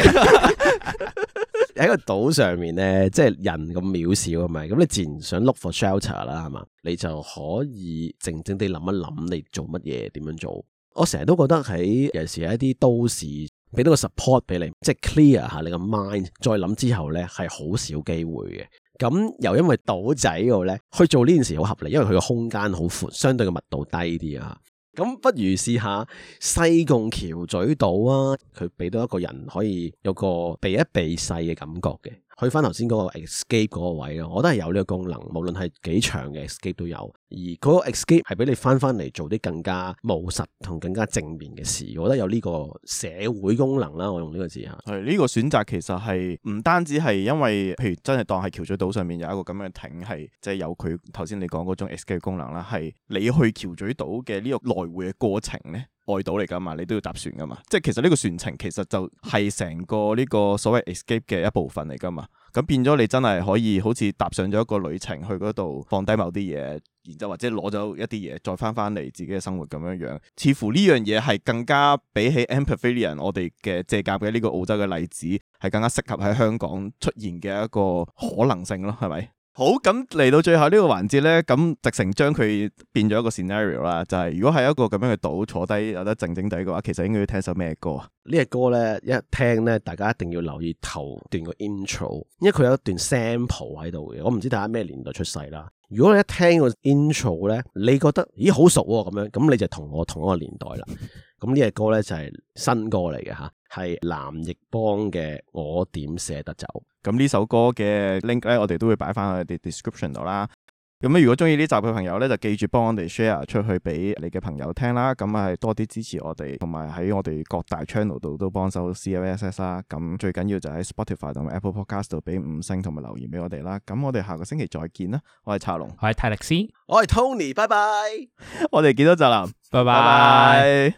喺個島上面咧，即係人咁渺小係咪？咁你自然想 look for shelter 啦，係嘛？你就可以靜靜地諗一諗，你做乜嘢，點樣做。我成日都覺得喺有時喺一啲都市俾到個 support 俾你，即係 clear 下你個 mind，再諗之後咧係好少機會嘅。咁又因為島仔嗰度咧去做呢件事好合理，因為佢個空間好闊，相對嘅密度低啲啊。咁不如試下西貢橋咀島啊，佢俾到一個人可以有個避一避世嘅感覺嘅。去翻頭先嗰個 escape 嗰個位咯，我都係有呢個功能，無論係幾長嘅 escape 都有，而嗰個 escape 係俾你翻翻嚟，做啲更加務實同更加正面嘅事，我覺得有呢個社會功能啦。我用呢個字啊，係呢個選擇其實係唔單止係因為，譬如真係當係橋咀島上面有一個咁嘅艇，係即係有佢頭先你講嗰種 escape 功能啦，係你去橋咀島嘅呢個來回嘅過程咧。外島嚟噶嘛，你都要搭船噶嘛，即係其實呢個船程其實就係成個呢個所謂 escape 嘅一部分嚟噶嘛，咁變咗你真係可以好似搭上咗一個旅程去嗰度放低某啲嘢，然之後或者攞咗一啲嘢再翻翻嚟自己嘅生活咁樣樣，似乎呢樣嘢係更加比起 MPavilion 我哋嘅借鑒嘅呢個澳洲嘅例子係更加適合喺香港出現嘅一個可能性咯，係咪？好，咁嚟到最後呢個環節呢，咁直成將佢變咗一個 scenario 啦，就係、是、如果係一個咁樣嘅島坐低有得靜靜地嘅話，其實應該要聽首咩歌啊？呢隻歌呢，一聽呢，大家一定要留意頭段個 intro，因為佢有一段 sample 喺度嘅。我唔知大家咩年代出世啦。如果你一聽個 intro 呢，你覺得咦好熟咁、啊、樣，咁你就同我同一個年代啦。 咁呢隻歌咧就係新歌嚟嘅吓，係藍奕邦嘅《我點捨得走》。咁呢首歌嘅 link 咧，我哋都會擺翻喺我哋 description 度啦。咁咧，如果中意呢集嘅朋友咧，就記住幫我哋 share 出去俾你嘅朋友聽啦。咁啊，係多啲支持我哋，同埋喺我哋各大 channel 度都幫手 CLSS 啦。咁最緊要就喺 Spotify 同埋 Apple Podcast 度俾五星同埋留言俾我哋啦。咁我哋下個星期再見啦。我係查龍，我係泰力斯，我係 Tony，拜拜。 我哋見到澤林，拜拜 bye。Bye bye